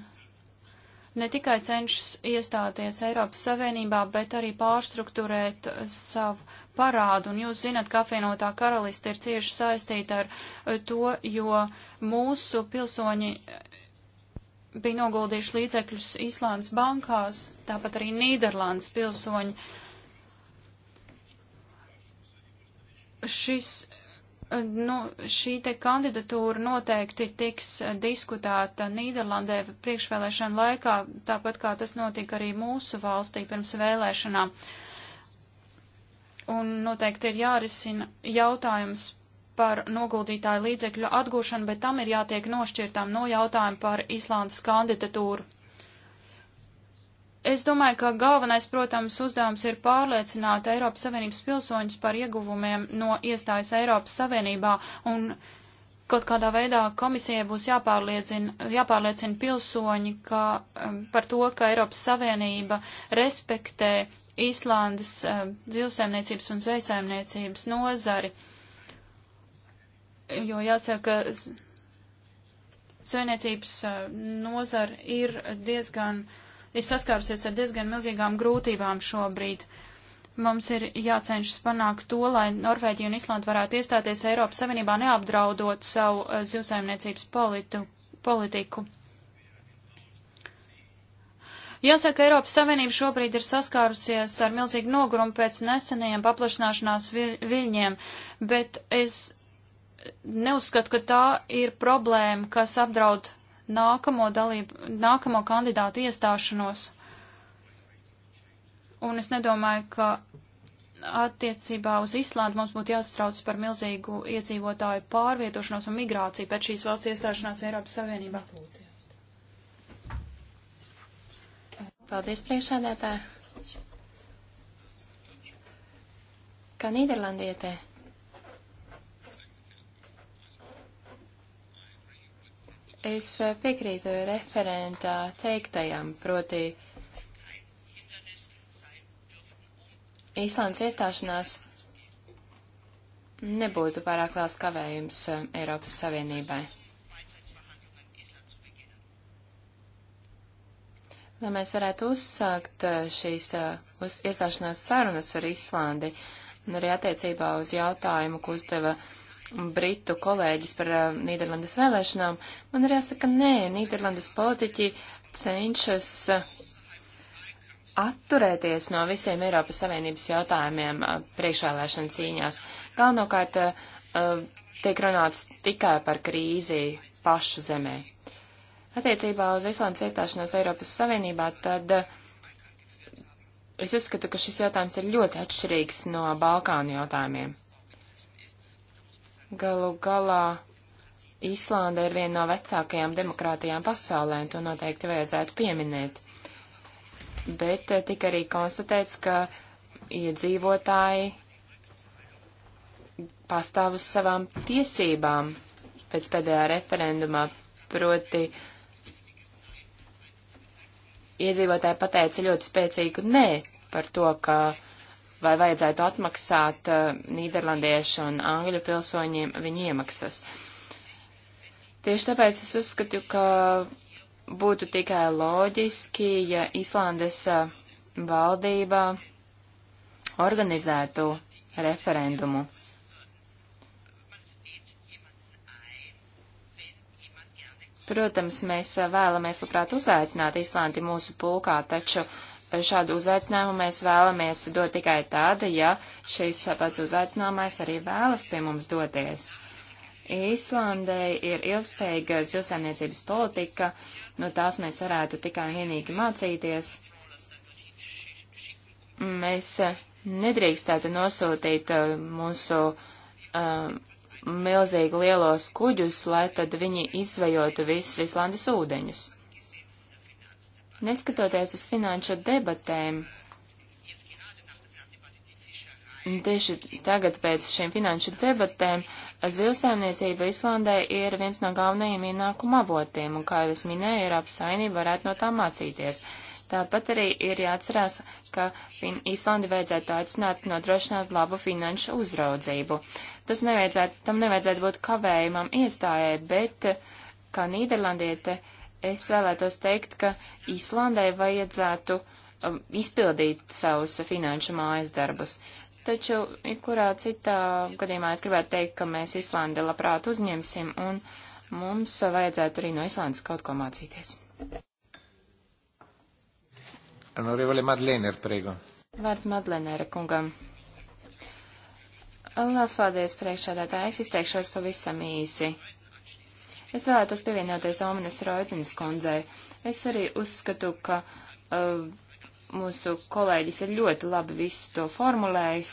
ne tikai cenšas iestāties Eiropas Savienībā, bet arī pārstruktūrēt savu parādu. Un jūs zinat, ka apvienotā karaliste ir cieši saistīta ar eh, to, jo mūsu pilsoņi eh, bija noguldījuši līdzekļus Īslandes bankās, tāpat arī Nīderlandes pilsoņi. Šis nu, šī te kandidatūra noteikti tiks diskutēta Nīderlandē priekšvēlēšana laikā, tāpat kā tas notika arī mūsu valstī pirms vēlēšanām. Un noteikti ir jārisina jautājums par noguldītāju līdzekļu atgūšanu, bet tam ir jātiek nošķirtām no jautājuma par Īslandes kandidatūru. Es domāju, ka galvenais, protams, uzdevums ir pārliecināt Eiropas Savienības pilsoņus par ieguvumiem no iestājas Eiropas Savienībā un kaut kādā veidā komisijai būs jāpārliecina, jāpārliecina pilsoņi ka, um, par to, ka Eiropas Savienība respektē Īslandes um, dzīvsaimniecības un zvejsaimniecības nozari. Jo jāsaka, zvejniecības uh, nozara ir diezgan. Uh, ir saskārusies ar diezgan milzīgām grūtībām šobrīd. Mums ir jācenšas panākt to, lai Norvēģija un Islanda varētu iestāties Eiropas Savienībā neapdraudot savu eh, zivsaimniecības politu, politiku. Jāsaka, Eiropas Savienība šobrīd ir saskārusies ar milzīgu nogurumu pēc nesenajiem paplašanāšanās viļņiem, bet es neuzskatu, ka tā ir problēma, kas apdraud nākamo, dalību, nākamo kandidātu iestāšanos. Un es nedomāju, ka attiecībā uz Islandu mums būtu jāsatrauc par milzīgu iedzīvotāju pārvietošanos un migrāciju pēc šīs valsts iestāšanās Eiropas Savienībā. Paldies, priekšsēdētāji. Kā Nīderlandietē. Es eh, piekrītu referentā teiktajam, proti Īslandes iestāšanās nebūtu pārāk liels kavējums eh, Eiropas Savienībai. Lai mēs varētu uzsākt eh, šīs uz iestāšanās sarunas ar Islandi un arī attiecībā uz jautājumu, ko uzdeva uh, britu kolēģis par uh, Nīderlandes vēlēšanām, man ir jāsaka, nē, Nīderlandes politiķi cenšas uh, atturēties no visiem Eiropas Savienības jautājumiem uh, priekšvēlēšana cīņās. Galvenokārt uh, tiek runāts tikai par krīzi pašu zemē. Attiecībā uz Islandes iestāšanos Eiropas Savienībā, tad uh, es uzskatu, ka šis jautājums ir ļoti atšķirīgs no Balkānu jautājumiem. Galu galā Īslanda ir viena no vecākajām demokrātijām pasaulē, un to noteikti vajadzētu pieminēt. Bet eh, tika arī konstatēts, ka iedzīvotāji pastāv uz savām tiesībām pēc pēdējā referendumā, proti iedzīvotāji pateica ļoti spēcīgu nē par to, ka uh, vai vajadzētu atmaksāt uh, Nīderlandiešu un Angļu pilsoņiem viņu iemaksas. Tieši tāpēc es uzskatu, ka būtu tikai loģiski, ja Islandes eh, valdībā organizētu referendumu. Protams, mēs eh, vēlamies labprāt uzaicināt Islandi mūsu pulkā, taču uh, šādu uzaicinājumu mēs vēlamies dot tikai tāda, ja šis pats uzaicinājumais arī vēlas pie mums doties. Īslandē ir ilgspējīga zivsaimniecības politika, no tās mēs varētu tikai un vienīgi mācīties. Mēs eh, nedrīkstētu nosūtīt eh, mūsu um, milzīgi lielos kuģus, lai tad viņi izvejotu visus Īslandes ūdeņus. Neskatoties uz finanšu debatēm, tieši tagad pēc šīm finanšu debatēm zivsaimniecība Islandē ir viens no galvenajiem ienākuma avotiem, un, kā jau es minēju, Eiropas Savienība varētu no tā mācīties. Tāpat arī ir jāatcerās, ka Īslandi vajadzētu aicināt nodrošināt labu finanšu uzraudzību. Tas nevajadzētu, tam nevajadzētu būt kavējumam iestājai, bet, kā Nīderlandiete, uh, Es vēlētos teikt, ka Īslandai vajadzētu um, izpildīt savus finanšu mājas darbus. Taču, jebkurā citā gadījumā es gribētu teikt, ka mēs Īslandi labprāt uzņemsim un mums vajadzētu arī no Īslandes kaut ko mācīties. Honorevole Madlener, prego. Vārds Madlenera kungam. Lās vārdies priekšādātā, es izteikšos pavisam īsi. Es vēlētos pievienoties Omenes Roitinas kundzei. Es arī uzskatu, ka uh, mūsu kolēģis ir ļoti labi visu to formulējis.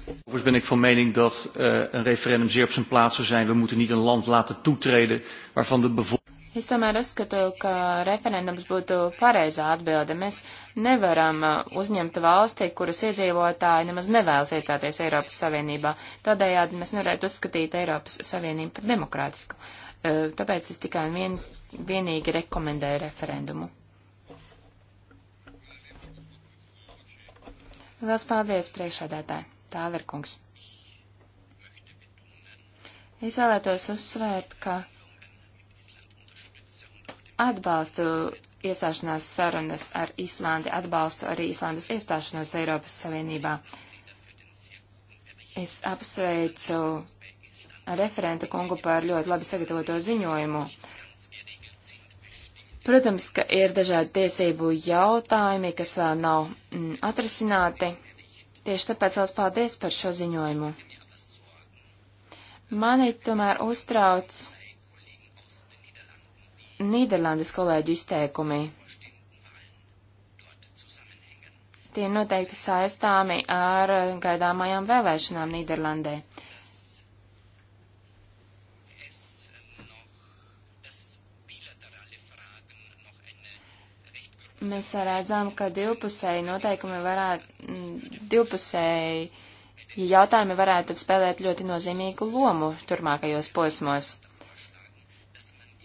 Overigens ben ik van mening dat uh, een referendum zeer op zijn plaats zou zijn. We moeten niet een land laten toetreden waarvan de bevolking. Es tomēr uzskatu, ka referendums būtu pareizā atbilde. Mēs nevaram uh, uzņemt valsti, kuras iedzīvotāji nemaz nevēlas iestāties Eiropas Savienībā. Tādējādi mēs nevarētu uzskatīt Eiropas Savienību par demokrātisku. Uh, tāpēc es tikai un vien, vienīgi rekomendēju referendumu. Vēl spēlēties priekšādētāji. Tāler kungs. Es vēlētos uzsvērt, ka atbalstu iestāšanās sarunas ar Islandi, atbalstu arī Islandes iestāšanos Eiropas Savienībā. Es apsveicu referenta kungu par ļoti labi sagatavoto ziņojumu. Protams, ka ir dažādi tiesību jautājumi, kas vēl nav mm, atrisināti. Tieši tāpēc liels paldies par šo ziņojumu. Mani tomēr uztrauc Nīderlandes kolēģu izteikumi. Tie noteikti saistāmi ar gaidāmajām vēlēšanām Nīderlandē. Mēs redzam, ka divpusēji noteikumi varētu, mm, divpusēji jautājumi varētu spēlēt ļoti nozīmīgu lomu turmākajos posmos.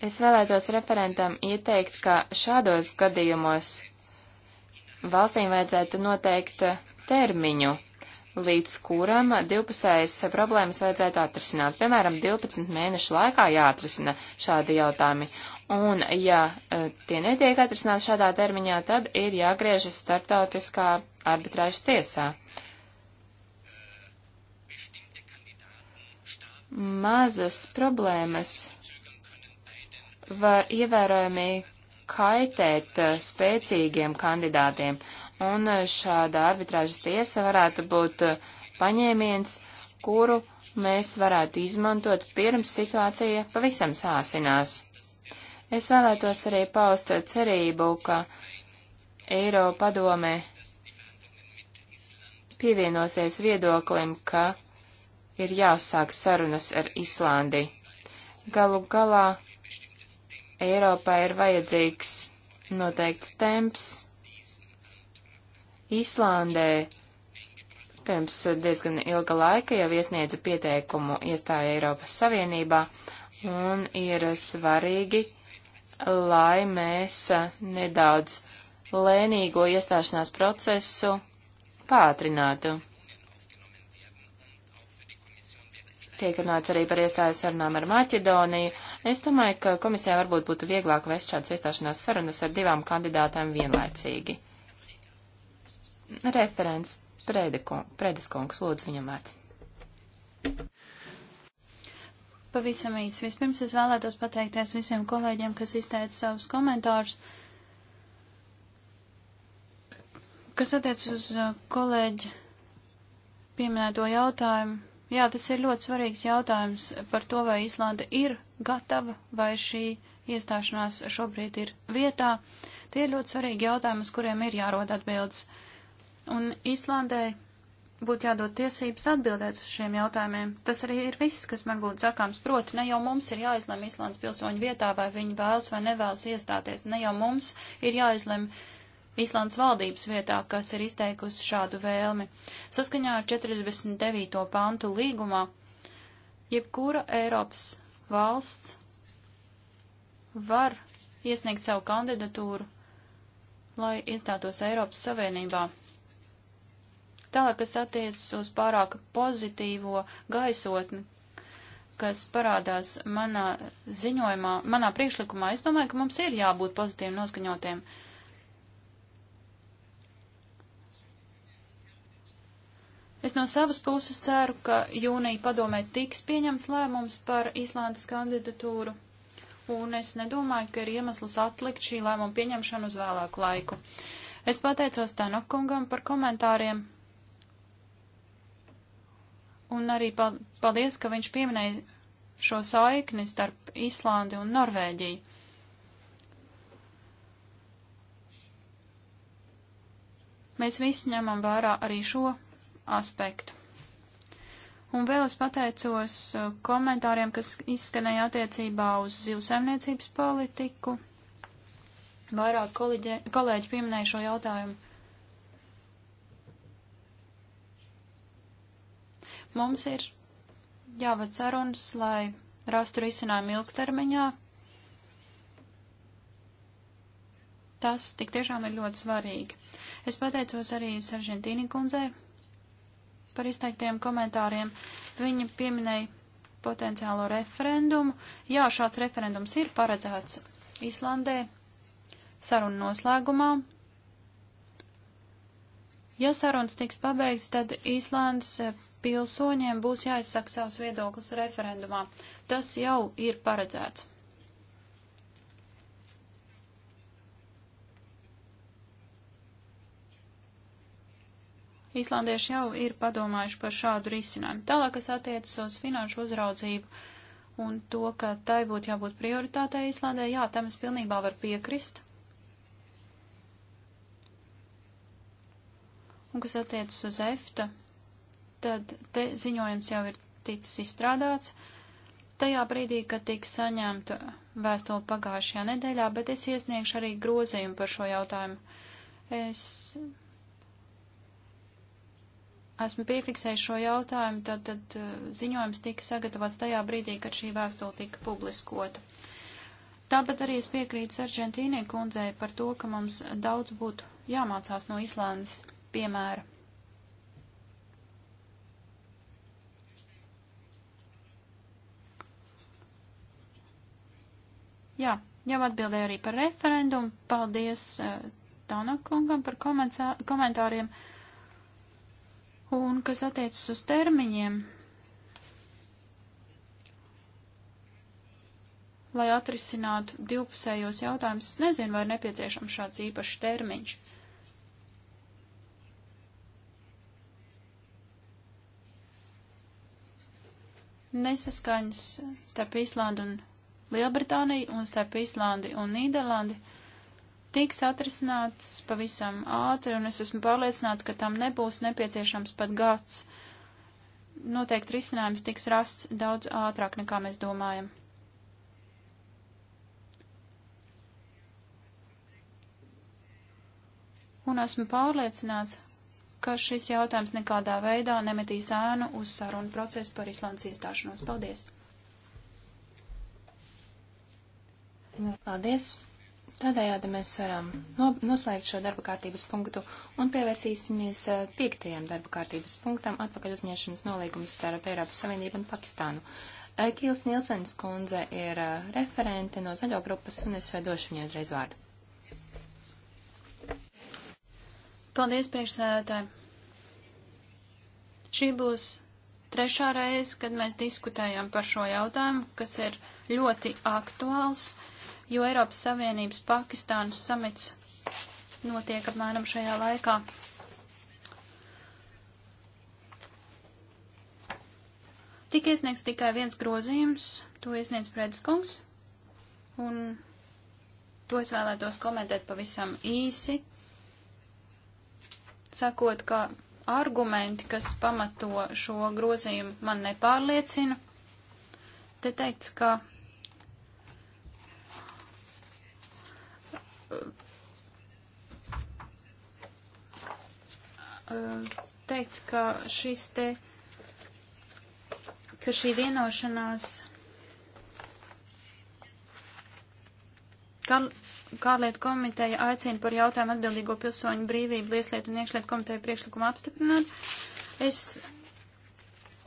Es vēlētos referentam ieteikt, ka šādos gadījumos valstīm vajadzētu noteikt termiņu, līdz kuram divpusējas problēmas vajadzētu atrisināt. Piemēram, 12 mēnešu laikā jāatrisina šādi jautājumi. Un, ja e, tie netiek atrisināti šādā termiņā, tad ir jāgriežas starptautiskā arbitrāžas tiesā. Mazas problēmas var ievērojami kaitēt eh, spēcīgiem kandidātiem, un eh, šāda arbitrāžas tiesa varētu būt eh, paņēmiens, kuru mēs varētu izmantot pirms situācija pavisam sāsinās. Es vēlētos arī paust cerību, ka Eiropa padomē pievienosies viedoklim, ka ir jāsāk sarunas ar Islandi. Galu galā Eiropai ir vajadzīgs noteikts temps. Īslandē pirms diezgan ilga laika jau iesniedza pieteikumu iestāja Eiropas Savienībā, un ir svarīgi, lai mēs nedaudz lēnīgo iestāšanās procesu pātrinātu. Tiek runāts arī par iestājas sarunām ar Maķedoniju. Es domāju, ka komisijā varbūt būtu vieglāk vest šādas iestāšanās sarunas ar divām kandidātām vienlaicīgi. Referents Predeskungs, lūdzu viņam vārds. Pavisam īsi. Vispirms es vēlētos pateikties visiem kolēģiem, kas izteica savus komentārus. Kas attiec uz uh, kolēģi pieminēto jautājumu, Jā, tas ir ļoti svarīgs jautājums par to, vai Īslanda ir gatava, vai šī iestāšanās šobrīd ir vietā. Tie ir ļoti svarīgi jautājumi, uz kuriem ir jārod atbildes. Un Īslandē būtu jādod tiesības atbildēt uz šiem jautājumiem. Tas arī ir viss, kas man būtu sakāms. Proti, ne jau mums ir jāizlem Īslandes pilsoņu vietā, vai viņi vēlas vai nevēlas iestāties. Ne jau mums ir jāizlem. Uh, Īslands valdības vietā, kas ir izteikusi šādu vēlmi. Saskaņā ar 49. pantu līgumā, jebkura Eiropas valsts var iesniegt savu kandidatūru, lai iestātos Eiropas Savienībā. Tālāk, kas attiecas uz pārāk pozitīvo gaisotni, kas parādās manā ziņojumā, manā priekšlikumā, es domāju, ka mums ir jābūt pozitīvi noskaņotiem. Uh, Es no savas puses ceru, ka jūnija padomē tiks pieņemts lēmums par Īslandes kandidatūru, un es nedomāju, ka ir iemesls atlikt šī lēmuma pieņemšanu uz vēlāku laiku. Es pateicos Tenokungam par komentāriem, un arī paldies, ka viņš pieminēja šo saikni starp Islandi un Norvēģiju. Mēs visi ņemam vērā arī šo aspektu. Un vēl es pateicos uh, komentāriem, kas izskanēja attiecībā uz zivsaimniecības politiku. Vairāk kolēģi, kolēģi pieminēja šo jautājumu. Mums ir jāved sarunas, lai rastu risinājumu ilgtermiņā. Tas tik tiešām ir ļoti svarīgi. Es pateicos arī Saržantīni kundzei par izteiktajiem komentāriem. Viņa pieminēja potenciālo referendumu. Jā, šāds referendums ir paredzēts Islandē sarunu noslēgumā. Ja sarunas tiks pabeigts, tad Īslandes eh, pilsoņiem būs jāizsaka savs viedoklis referendumā. Tas jau ir paredzēts. Īslandieši jau ir padomājuši par šādu risinājumu. Tālāk, kas attiecas uz finanšu uzraudzību un to, ka tai būtu jābūt prioritātei Īslandē, jā, tam es pilnībā varu piekrist. Un kas attiecas uz EFTA, tad te ziņojums jau ir ticis izstrādāts. Tajā brīdī, kad tiks saņemta vēstule pagājušajā nedēļā, bet es iesniegšu arī grozījumu par šo jautājumu. Es esmu piefiksējis šo jautājumu, tad, tad eh, ziņojums tika sagatavots tajā brīdī, kad šī vēstule tika publiskota. Tāpat arī es piekrītu Sargentīnai kundzei par to, ka mums daudz būtu jāmācās no Islandes piemēra. Jā, jau atbildēju arī par referendumu. Paldies uh, Tanakungam par komentāriem. Uh, Un kas attiecas uz termiņiem, lai atrisinātu divpusējos jautājumus, es nezinu, vai ir nepieciešams šāds īpašs termiņš. Nesaskaņas starp Īslandu un Lielbritāniju un starp Īslandi un Nīderlandi tiks atrisināts pavisam ātri, un es esmu pārliecināts, ka tam nebūs nepieciešams pat gads. Noteikti risinājums tiks rasts daudz ātrāk, nekā mēs domājam. Un esmu pārliecināts, ka šis jautājums nekādā veidā nemetīs ēnu uz sarunu procesu par Islandes iestāšanos. Paldies! Paldies! Tādējādi mēs varam no, noslēgt šo darba kārtības punktu un pievērsīsimies eh, piektajam darba kārtības punktam atpakaļ uzņemšanas nolīgums starp Eiropas Savienību un Pakistānu. Eh, Kīls Nielsens kundze ir eh, referente no zaļo grupas un es došu viņai uzreiz vārdu. Paldies, priekšsēdētāji. Šī būs trešā reize, kad mēs diskutējam par šo jautājumu, kas ir ļoti aktuāls. Uh, jo Eiropas Savienības Pakistānas samits notiek apmēram šajā laikā. Tika iesniegts tikai viens grozījums, to iesniedz Prēdiskums, un to es vēlētos komentēt pavisam īsi, sakot, ka argumenti, kas pamato šo grozījumu, man nepārliecina. Te teikts, ka teikts, ka šis te, ka šī vienošanās, kā, Kārlietu komiteja aicina par jautājumu atbildīgo pilsoņu brīvību, lieslietu un iekšlietu komiteju priekšlikumu apstiprināt. Es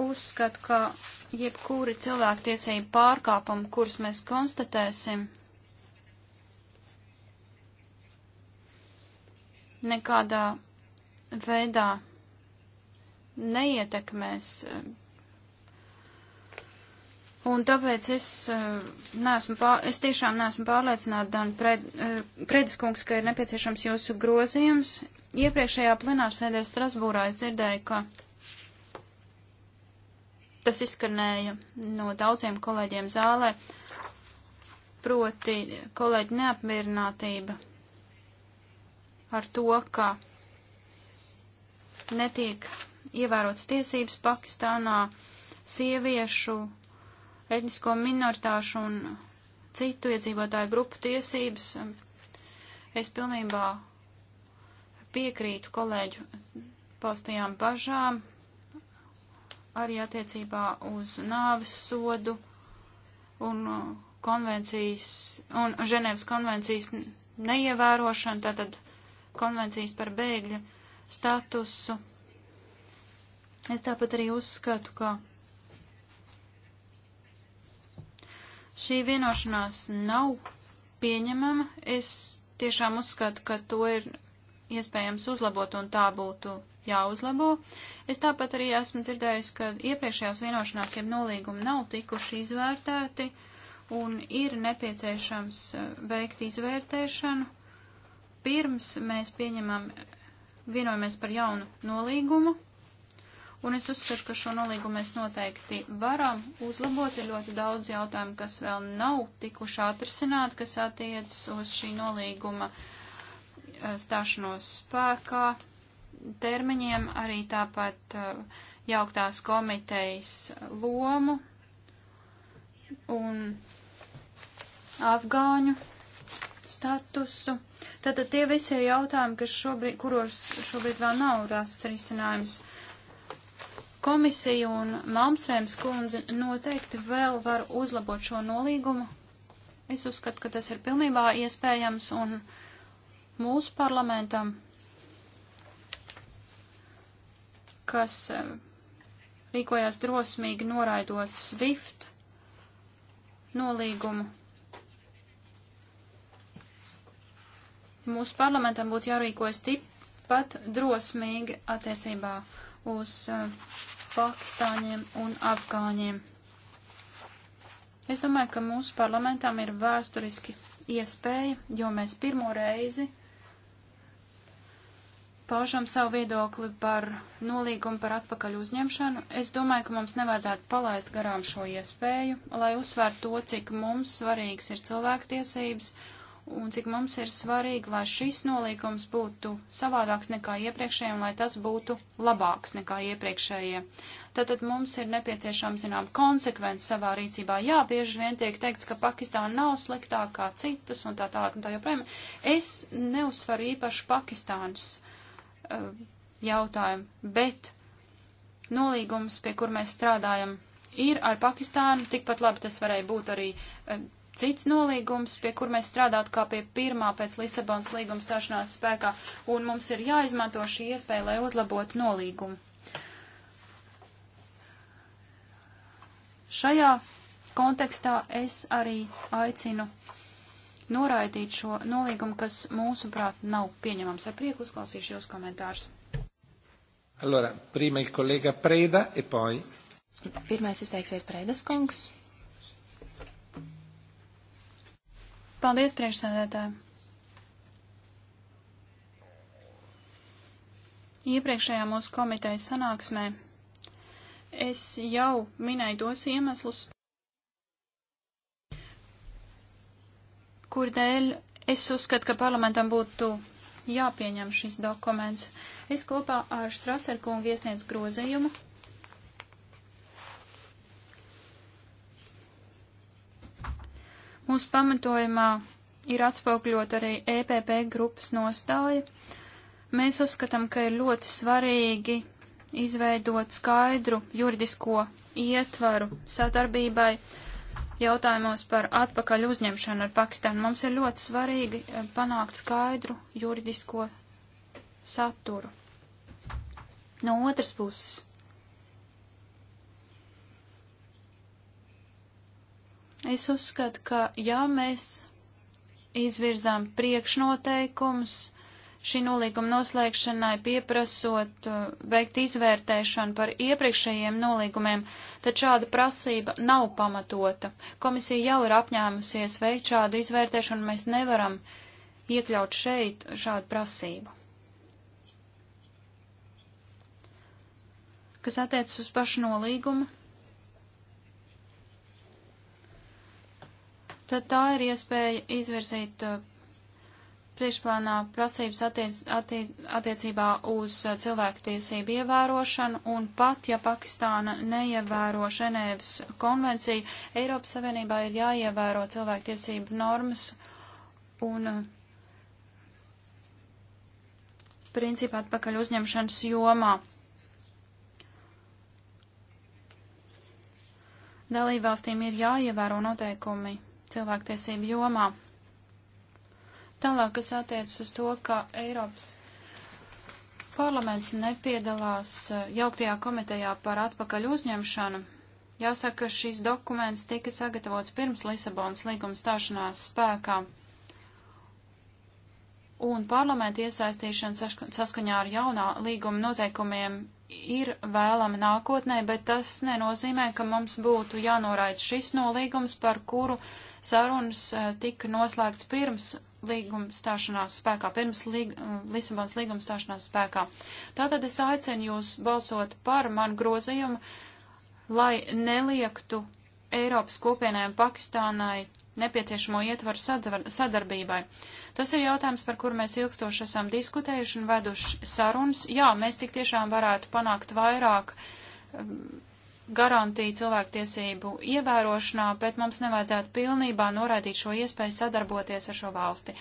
uzskatu, ka jebkuri cilvēktiesību pārkāpumi, kurus mēs konstatēsim, nekādā veidā neietekmēs. Un tāpēc es, eh, neesmu pār, es tiešām neesmu pārliecināta, Dan pred, eh, Prediskungs, ka ir nepieciešams jūsu grozījums. Iepriekšējā plenārsēdē Strasbūrā es dzirdēju, ka tas izskanēja no daudziem kolēģiem zālē, proti kolēģi neapmierinātība ar to, ka netiek ievērots tiesības Pakistānā sieviešu, etnisko minoritāšu un citu iedzīvotāju grupu tiesības. Es pilnībā piekrītu kolēģu paustajām bažām arī attiecībā uz nāves sodu un konvencijas un Ženēvas konvencijas neievērošanu, tātad konvencijas par bēgļu statusu. Es tāpat arī uzskatu, ka šī vienošanās nav pieņemama. Es tiešām uzskatu, ka to ir iespējams uzlabot un tā būtu jāuzlabo. Es tāpat arī esmu dzirdējis, ka iepriekšējās vienošanās jeb nolīgumi nav tikuši izvērtēti un ir nepieciešams eh, veikt izvērtēšanu pirms mēs pieņemam, vienojamies par jaunu nolīgumu, un es uzskatu, ka šo nolīgumu mēs noteikti varam uzlabot. Ir ļoti daudz jautājumu, kas vēl nav tikuši atrisināti, kas attiecas uz šī nolīguma eh, stāšanos spēkā termiņiem, arī tāpat eh, jauktās komitejas lomu un afgāņu statusu. Tātad tie visi ir jautājumi, kas šobrīd, kuros šobrīd vēl nav rasts risinājums. Komisija un Malmstrēms kundze noteikti vēl var uzlabot šo nolīgumu. Es uzskatu, ka tas ir pilnībā iespējams un mūsu parlamentam, kas eh, rīkojās drosmīgi noraidot SWIFT nolīgumu, mūsu parlamentam būtu jārīkojas tikpat drosmīgi attiecībā uz uh, Pakistāņiem un Afgāņiem. Es domāju, ka mūsu parlamentam ir vēsturiski iespēja, jo mēs pirmo reizi paužam savu viedokli par nolīgumu par atpakaļ uzņemšanu, es domāju, ka mums nevajadzētu palaist garām šo iespēju, lai uzsvērtu to, cik mums svarīgs ir cilvēktiesības un cik mums ir svarīgi, lai šis nolīgums būtu savādāks nekā iepriekšējiem, lai tas būtu labāks nekā iepriekšējie. Tātad mums ir nepieciešams, zinām, konsekvents savā rīcībā. Jā, bieži vien tiek teikts, ka Pakistāna nav sliktāka kā citas un tā tālāk un tā joprojām. Es neuzsvaru īpaši Pakistānas uh, jautājumu, bet nolīgums, pie kur mēs strādājam, ir ar Pakistānu, tikpat labi tas varēja būt arī uh, cits nolīgums, pie kur mēs strādātu kā pie pirmā pēc Lisabonas līguma stāšanās spēkā, un mums ir jāizmanto šī iespēja, lai uzlabotu nolīgumu. Šajā kontekstā es arī aicinu noraidīt šo nolīgumu, kas mūsuprāt nav pieņemams. Ar prieku uzklausīšu jūs komentārus. Allora, prima il collega Preda e poi. Pirmais izteiksies Predas kungs. Paldies, priekšsēdētāji! Iepriekšējā mūsu komitejas sanāksmē es jau minēju tos iemeslus, kur dēļ es uzskatu, ka parlamentam būtu jāpieņem šis dokuments. Es kopā ar Štraserkungu iesniedzu grozījumu Mūsu pamatojumā ir atspokļot arī EPP grupas nostāja. Mēs uzskatām, ka ir ļoti svarīgi izveidot skaidru juridisko ietvaru sadarbībai jautājumos par atpakaļ uzņemšanu ar Pakistānu. Mums ir ļoti svarīgi eh, panākt skaidru juridisko saturu. No otras puses, Es uzskatu, ka ja mēs izvirzām priekšnoteikumus šī nolīguma noslēgšanai, pieprasot uh, veikt izvērtēšanu par iepriekšējiem nolīgumiem, tad šāda prasība nav pamatota. Komisija jau ir apņēmusies veikt šādu izvērtēšanu, mēs nevaram iekļaut šeit šādu prasību. Kas attiecas uz pašu nolīgumu? tad tā ir iespēja izvirzīt uh, priekšplānā prasības attiec, attiec, attiecībā uz uh, cilvēktiesību ievērošanu, un pat ja Pakistāna neievēro Ženēvas konvenciju, Eiropas Savienībā ir jāievēro cilvēktiesību normas, un uh, principā atpakaļ uzņemšanas jomā. Dalībvalstīm ir jāievēro noteikumi cilvēktiesību jomā. Tālāk, kas attiecas uz to, ka Eiropas parlaments nepiedalās eh, jauktajā komitejā par atpakaļ uzņemšanu, jāsaka, ka šis dokuments tika sagatavots pirms Lisabonas līguma stāšanās spēkā. Un parlamenta iesaistīšana saskaņā ar jaunā līguma noteikumiem ir vēlama nākotnē, bet tas nenozīmē, ka mums būtu jānoraida šis nolīgums, par kuru uh, Sarunas eh, tika noslēgts pirms līguma stāšanās spēkā, pirms līg, eh, Lisabonas līguma stāšanās spēkā. Tātad es aicinu jūs balsot par manu grozījumu, lai neliektu Eiropas kopienai un Pakistānai nepieciešamo ietvaru sadar sadarbībai. Tas ir jautājums, par kur mēs ilgstoši esam diskutējuši un veduši sarunas. Jā, mēs tik tiešām varētu panākt vairāk um, garantiju cilvēktiesību ievērošanā, bet mums nevajadzētu pilnībā noraidīt šo iespēju sadarboties ar šo valsti.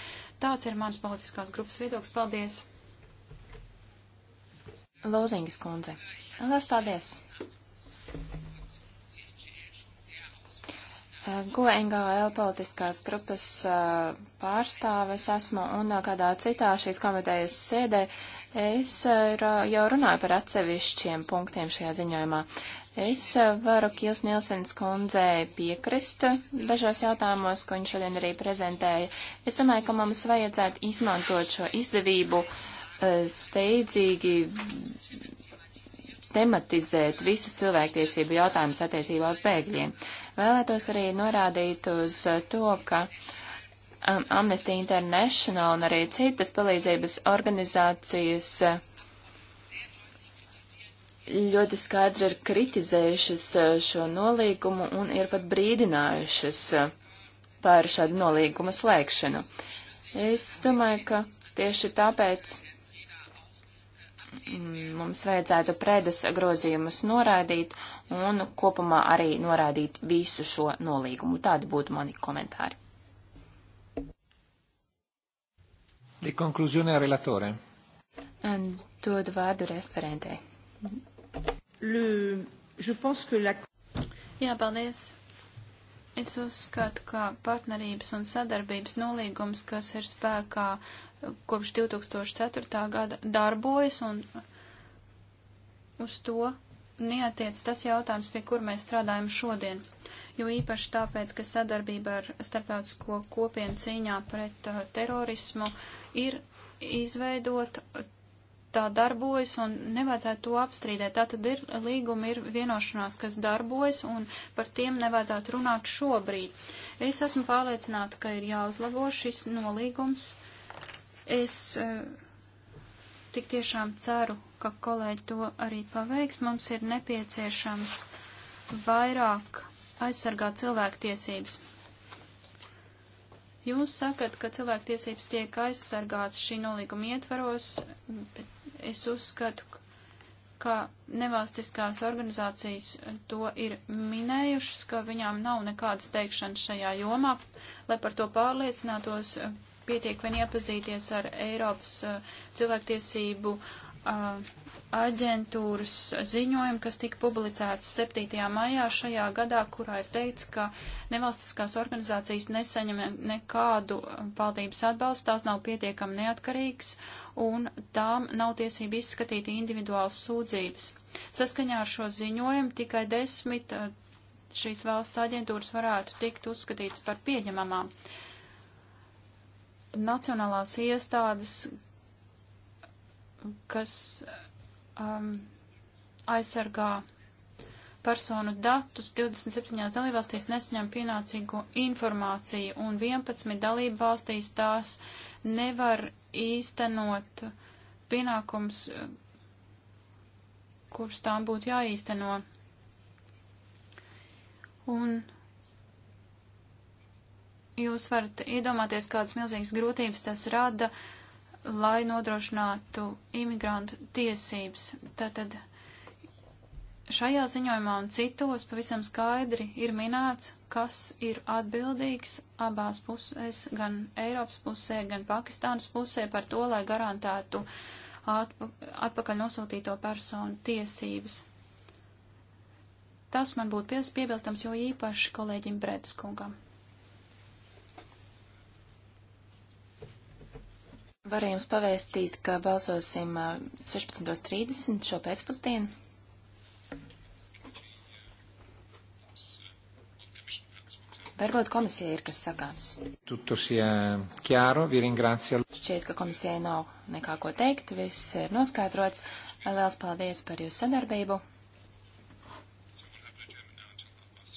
Tāds ir mans politiskās grupas viedoklis. Paldies! Lūzīngas kundze. Lielas paldies! Ko eh, NGL politiskās grupas eh, pārstāves esmu un kādā citā šīs komitejas sēdē es eh, jau runāju par atsevišķiem punktiem šajā ziņojumā. Es eh, varu Kils Nielsens kundzē piekrist dažos jautājumos, ko viņš šodien arī prezentēja. Es domāju, ka mums vajadzētu izmantot šo izdevību eh, steidzīgi tematizēt visus cilvēktiesību jautājumus attiecībā uz bēgļiem. Vēlētos arī norādīt uz eh, to, ka um, Amnesty International un arī citas palīdzības organizācijas ļoti skaidri ir kritizējušas eh, šo nolīgumu un ir pat brīdinājušas eh, par šādu nolīgumu slēgšanu. Es domāju, ka tieši tāpēc mm, mums vajadzētu prēdas grozījumus noraidīt un kopumā arī noraidīt visu šo nolīgumu. Tādi būtu mani komentāri. Di conclusione al relatore. Un dod vārdu referentei. Le, je pense que la... Jā, paldies. Es uzskatu, ka partnerības un sadarbības nolīgums, kas ir spēkā eh, kopš 2004. gada, darbojas un uz to neatiec tas jautājums, pie kur mēs strādājam šodien. Jo īpaši tāpēc, ka sadarbība ar starptautisko kopienu cīņā pret uh, terorismu ir izveidot tā darbojas un nevajadzētu to apstrīdēt. Tā tad ir līguma, ir vienošanās, kas darbojas un par tiem nevajadzētu runāt šobrīd. Es esmu pārliecināta, ka ir jāuzlabo šis nolīgums. Es eh, tik tiešām ceru, ka kolēģi to arī paveiks. Mums ir nepieciešams vairāk aizsargāt cilvēktiesības. Jūs sakat, ka cilvēktiesības tiek aizsargātas šī nolīguma ietvaros, bet es uzskatu, ka nevalstiskās organizācijas to ir minējušas, ka viņām nav nekādas teikšanas šajā jomā. Lai par to pārliecinātos, pietiek vien iepazīties ar Eiropas uh, cilvēktiesību uh, aģentūras ziņojumu, kas tika publicēts 7. maijā šajā gadā, kurā ir teikts, ka nevalstiskās organizācijas nesaņem nekādu uh, valdības atbalstu, tās nav pietiekami neatkarīgas un tām nav tiesība izskatīt individuālas sūdzības. Saskaņā ar šo ziņojumu tikai desmit eh, šīs valsts aģentūras varētu tikt uzskatīts par pieņemamām. Nacionālās iestādes, kas um, aizsargā personu datus 27 dalībvalstīs nesaņem pienācīgo informāciju un 11 dalībvalstīs tās uh, nevar īstenot pienākums, kurš tām būtu jāīsteno. Un jūs varat iedomāties, kādas milzīgas grūtības tas rada, lai nodrošinātu imigrantu tiesības. Tātad Šajā ziņojumā un citos pavisam skaidri ir minēts, kas ir atbildīgs abās pusēs, gan Eiropas pusē, gan Pakistānas pusē par to, lai garantētu atpa atpakaļ nosūtīto personu tiesības. Tas man būtu piebilstams jo īpaši kolēģim Brētiskungam. Varu jums pavēstīt, ka balsosim 16.30 uh, šo pēcpusdienu. Varbūt komisija ir kas sakāms. Šķiet, ka komisijai nav nekā ko teikt, viss ir noskaidrots. Liels paldies par jūsu sadarbību.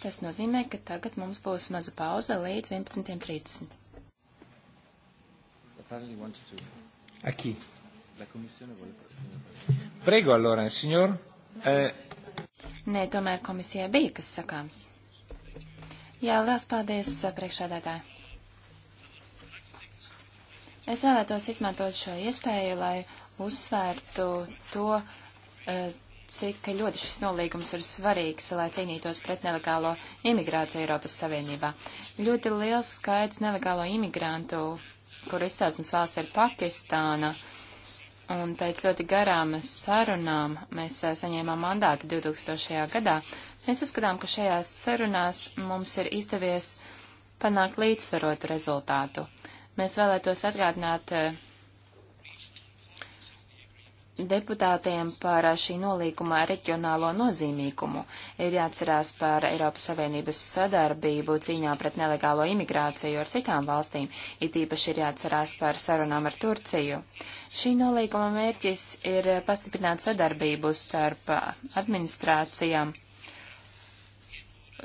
Tas nozīmē, ka tagad mums būs maza pauze līdz 11.30. Aki. Prego allora, signor. Eh. Nē, tomēr komisijai bija kas sakāms. Jā, liels paldies, priekšsēdētāji. Es vēlētos izmantot šo iespēju, lai uzsvērtu to, eh, cik ļoti šis nolīgums ir svarīgs, lai cīnītos pret nelegālo imigrāciju Eiropas Savienībā. Ļoti liels skaits nelegālo imigrantu, kur izcelsmes valsts ir Pakistāna, uh, Un pēc ļoti garām sarunām mēs saņēmām mandātu 2000. gadā. Mēs uzskatām, ka šajās sarunās mums ir izdevies panākt līdzsvarotu rezultātu. Mēs vēlētos atgādināt deputātiem par šī nolīguma reģionālo nozīmīgumu. Ir jāatcerās par Eiropas Savienības sadarbību cīņā pret nelegālo imigrāciju ar citām valstīm, it īpaši ir jāatcerās par sarunām ar Turciju. Šī nolīguma mērķis ir pastiprināt sadarbību starp administrācijām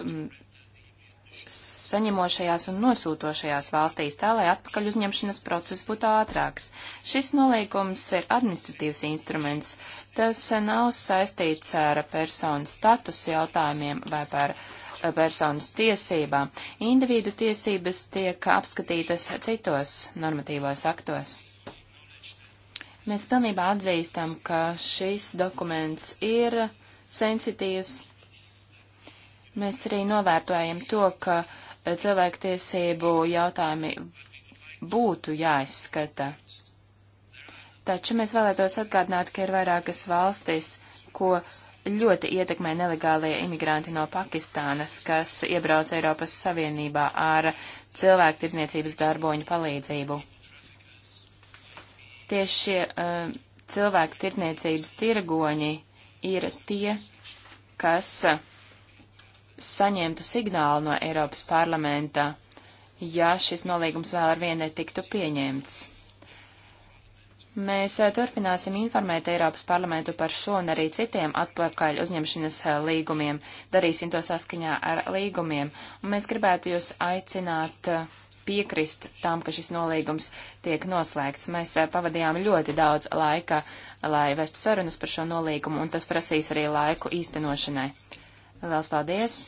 mm, saņemošajās un nosūtošajās valstīs, tā lai atpakaļ uzņemšanas process būtu ātrāks. Šis nolīgums ir administratīvs instruments. Tas nav saistīts ar personu statusu jautājumiem vai par eh, personas tiesībām. Individu tiesības tiek apskatītas citos normatīvos aktos. Mēs pilnībā atzīstam, ka šis dokuments ir sensitīvs Mēs arī novērtojam to, ka eh, cilvēktiesību jautājumi būtu jāizskata. Taču mēs vēlētos atgādināt, ka ir vairākas valstis, ko ļoti ietekmē nelegālie imigranti no Pakistānas, kas iebrauc Eiropas Savienībā ar cilvēktirdzniecības darboņu palīdzību. Tieši šie uh, eh, cilvēktirdzniecības tirgoņi ir tie, kas uh, saņemtu signālu no Eiropas parlamenta, ja šis nolīgums vēl ar vienu netiktu pieņemts. Mēs eh, turpināsim informēt Eiropas parlamentu par šo un arī citiem atpakaļ uzņemšanas eh, līgumiem. Darīsim to saskaņā ar līgumiem. Un mēs gribētu jūs aicināt eh, piekrist tam, ka šis nolīgums tiek noslēgts. Mēs pavadījām ļoti daudz laika, lai vestu sarunas par šo nolīgumu, un tas prasīs arī laiku īstenošanai. Liels paldies!